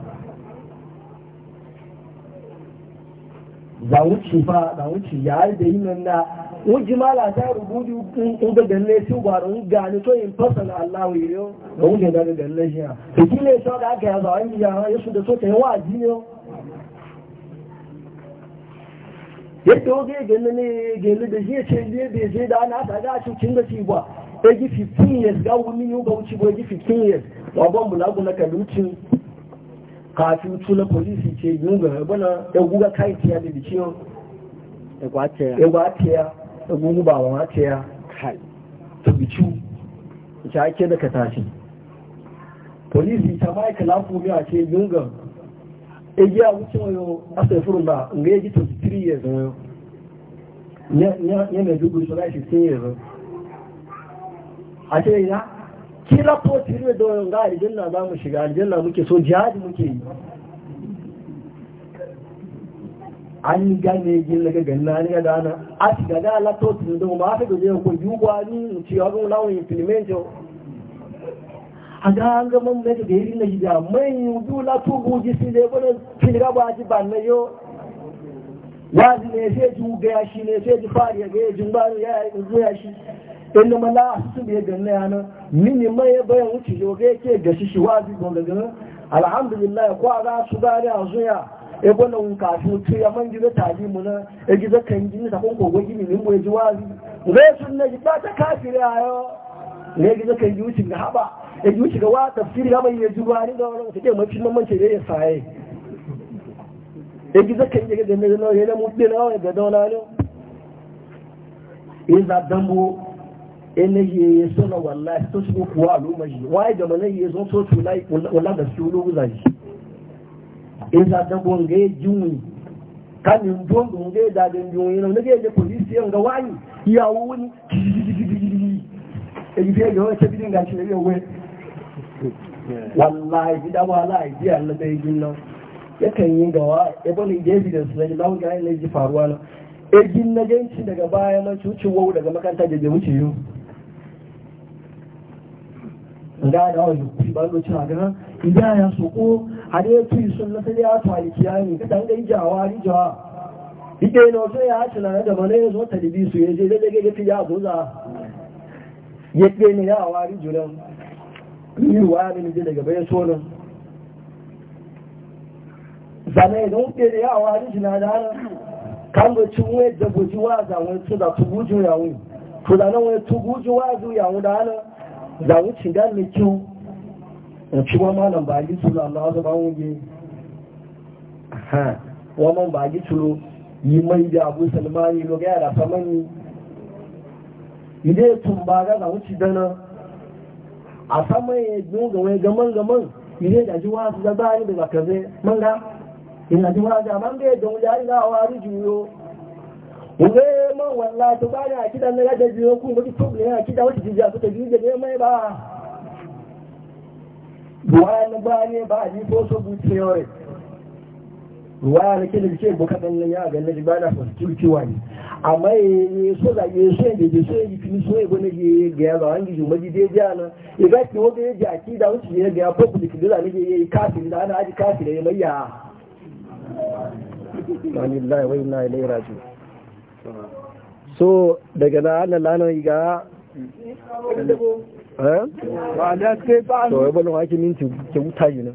da wuce fa da wuce ya da yi nan na wuji mala ta rubuji in ga ganne su ba da wuce gani to in na Allah yau da wuce da ganne shi ya to kile wa da aka a zawon ya su da yawa ya wajiyo yadda oge gani ne gani da zai ce zai bai zai da ana ta gashi cin da shi ba ya ji 15 years ga wani yau ga wuce ba ya ji 15 years wa ban bulagu na kalucin kafin tuna polisi ce yun ga bana ya guga kai tiya da biciyo ya gwatiya ya gwatiya ya gugu ba wa matiya kai to bicu ita ake da ka tashi polisi ta mai kalafu biya ce yun eji awuci nwayo a efuru ba nga eji 23 years eh. ya nye maiduguri so like 16 years a ce ya kila ko tiri da ga aljanna za mu shiga aljanna na so jihadi muke yi an gane jin daga ganna ga a shiga da la to tiri da ma ta gaje ko yuwa aga an ga mun da yi na gida mai yudu la to buji si le bana ki ba ji ban na yo ya ji ne sai ju ga ya shi ne sai ji fari ga ya jin baro ya yi zo ya shi in da mala su be ga na yana mini mai bayan wuce yo ga yake ga shi shi wazi don daga alhamdulillah ko ga su ga da zuya e bana un ka su ci ya man gida taji mu na e gida kan gini ta kon kogo gini ne mu ji wazi ga sun ne ji ba ta kafira yo ne gida kan yi wuce ga haba ya ji shiga wa tafsiri ga bai yaji ba ni da wannan take mafi mamanci da ya saye ya ji zakan ya ga ne ne yana mu na hawa ga dona ne in da dambo ene ye sona wallahi to shi kuwa al'umma shi wai da mana ye zo so to lai wallahi da su lu za shi in da dambo ngai jinwi kanin dongo ngai da den jinwi ne ngai da police yan ga wani yawo ni ebi fi ẹgbẹ̀rún ẹ̀ṣẹ́ bí ní ìgbà ìṣẹ̀lẹ̀ ìwé wallahi fi dama za a ji Allah da yi nan yakan yi gawa ya bani gefe da su zai lawan gani na ji faruwa na egin na ganci daga baya na cucin wau daga makaranta da bai wuce yau da da wani kuɗi ba zo cewa gana idan ya soko a da ya tuyi sun na sai ya tuwali kiyami ka dan gai jawa rijawa ide na wato ya haci na da mana ya zo talibi su ya je da daga gafi ya zo za ya ɗe ne ya wari juran yi wa ne ne daga bayan sonin zane da wuce da yawa wani shi na da hana kan da wai da guji wa za wani da tubu ju ya wuni to da nan wani tubu ju wa zu ya wuni da hana za wuce da mai kyau in ci wa malam ba ji tulo amma wasu ba wuni ha wa man ba ji tulo yi mai da abu salmani lo ga yara famani ile tun ba ga za wuce da nan a saman ya ga wai gaman gaman ile da ji wasu da bayan daga kaze manga ina ji wasu da manga yadda mu a na wari juyo wuri man walla to ba na kidan na yadda juyo kun wani ne yana kida wata jijiya su ta jijiya ne mai ba buwa na ba ne ba a ji so so bu theory ruwaya na kele ce buka dan ya ga na na for security ne amma ye so da ye so da ye so yi fini so ye gona ye ga ya ga wangi juma ji dai na ya ga ki wanda ya ji aki da wuce ne ga public da za ne ye yi da ana aji kafin ya mai ya wallahi wa ilaihi so daga nan Allah lana to ya bane wake minti ke wuta yi nan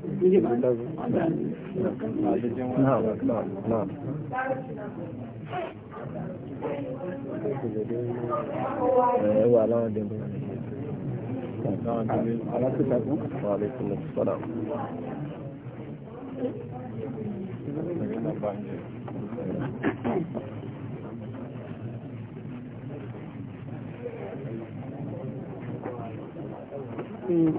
Thank you. Oyún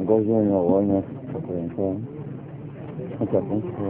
ọgọ́gbọ́n ọ̀wọ́ yẹn ọ̀pọ̀ ẹ̀kọ́ ọ̀pọ̀ ẹ̀kọ́.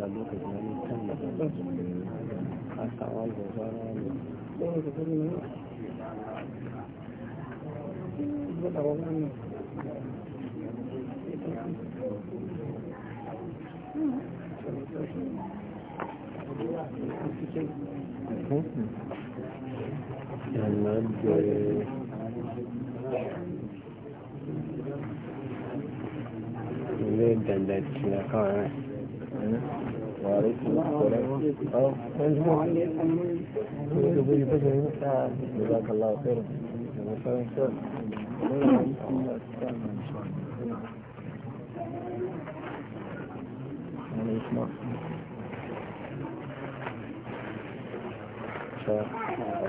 da lokaci ne kan da kasawa da zara ne da wani a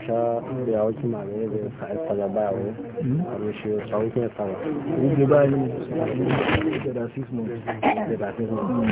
sha da ya wakil mame ne zai sa aifa da baya wani a mai da bayan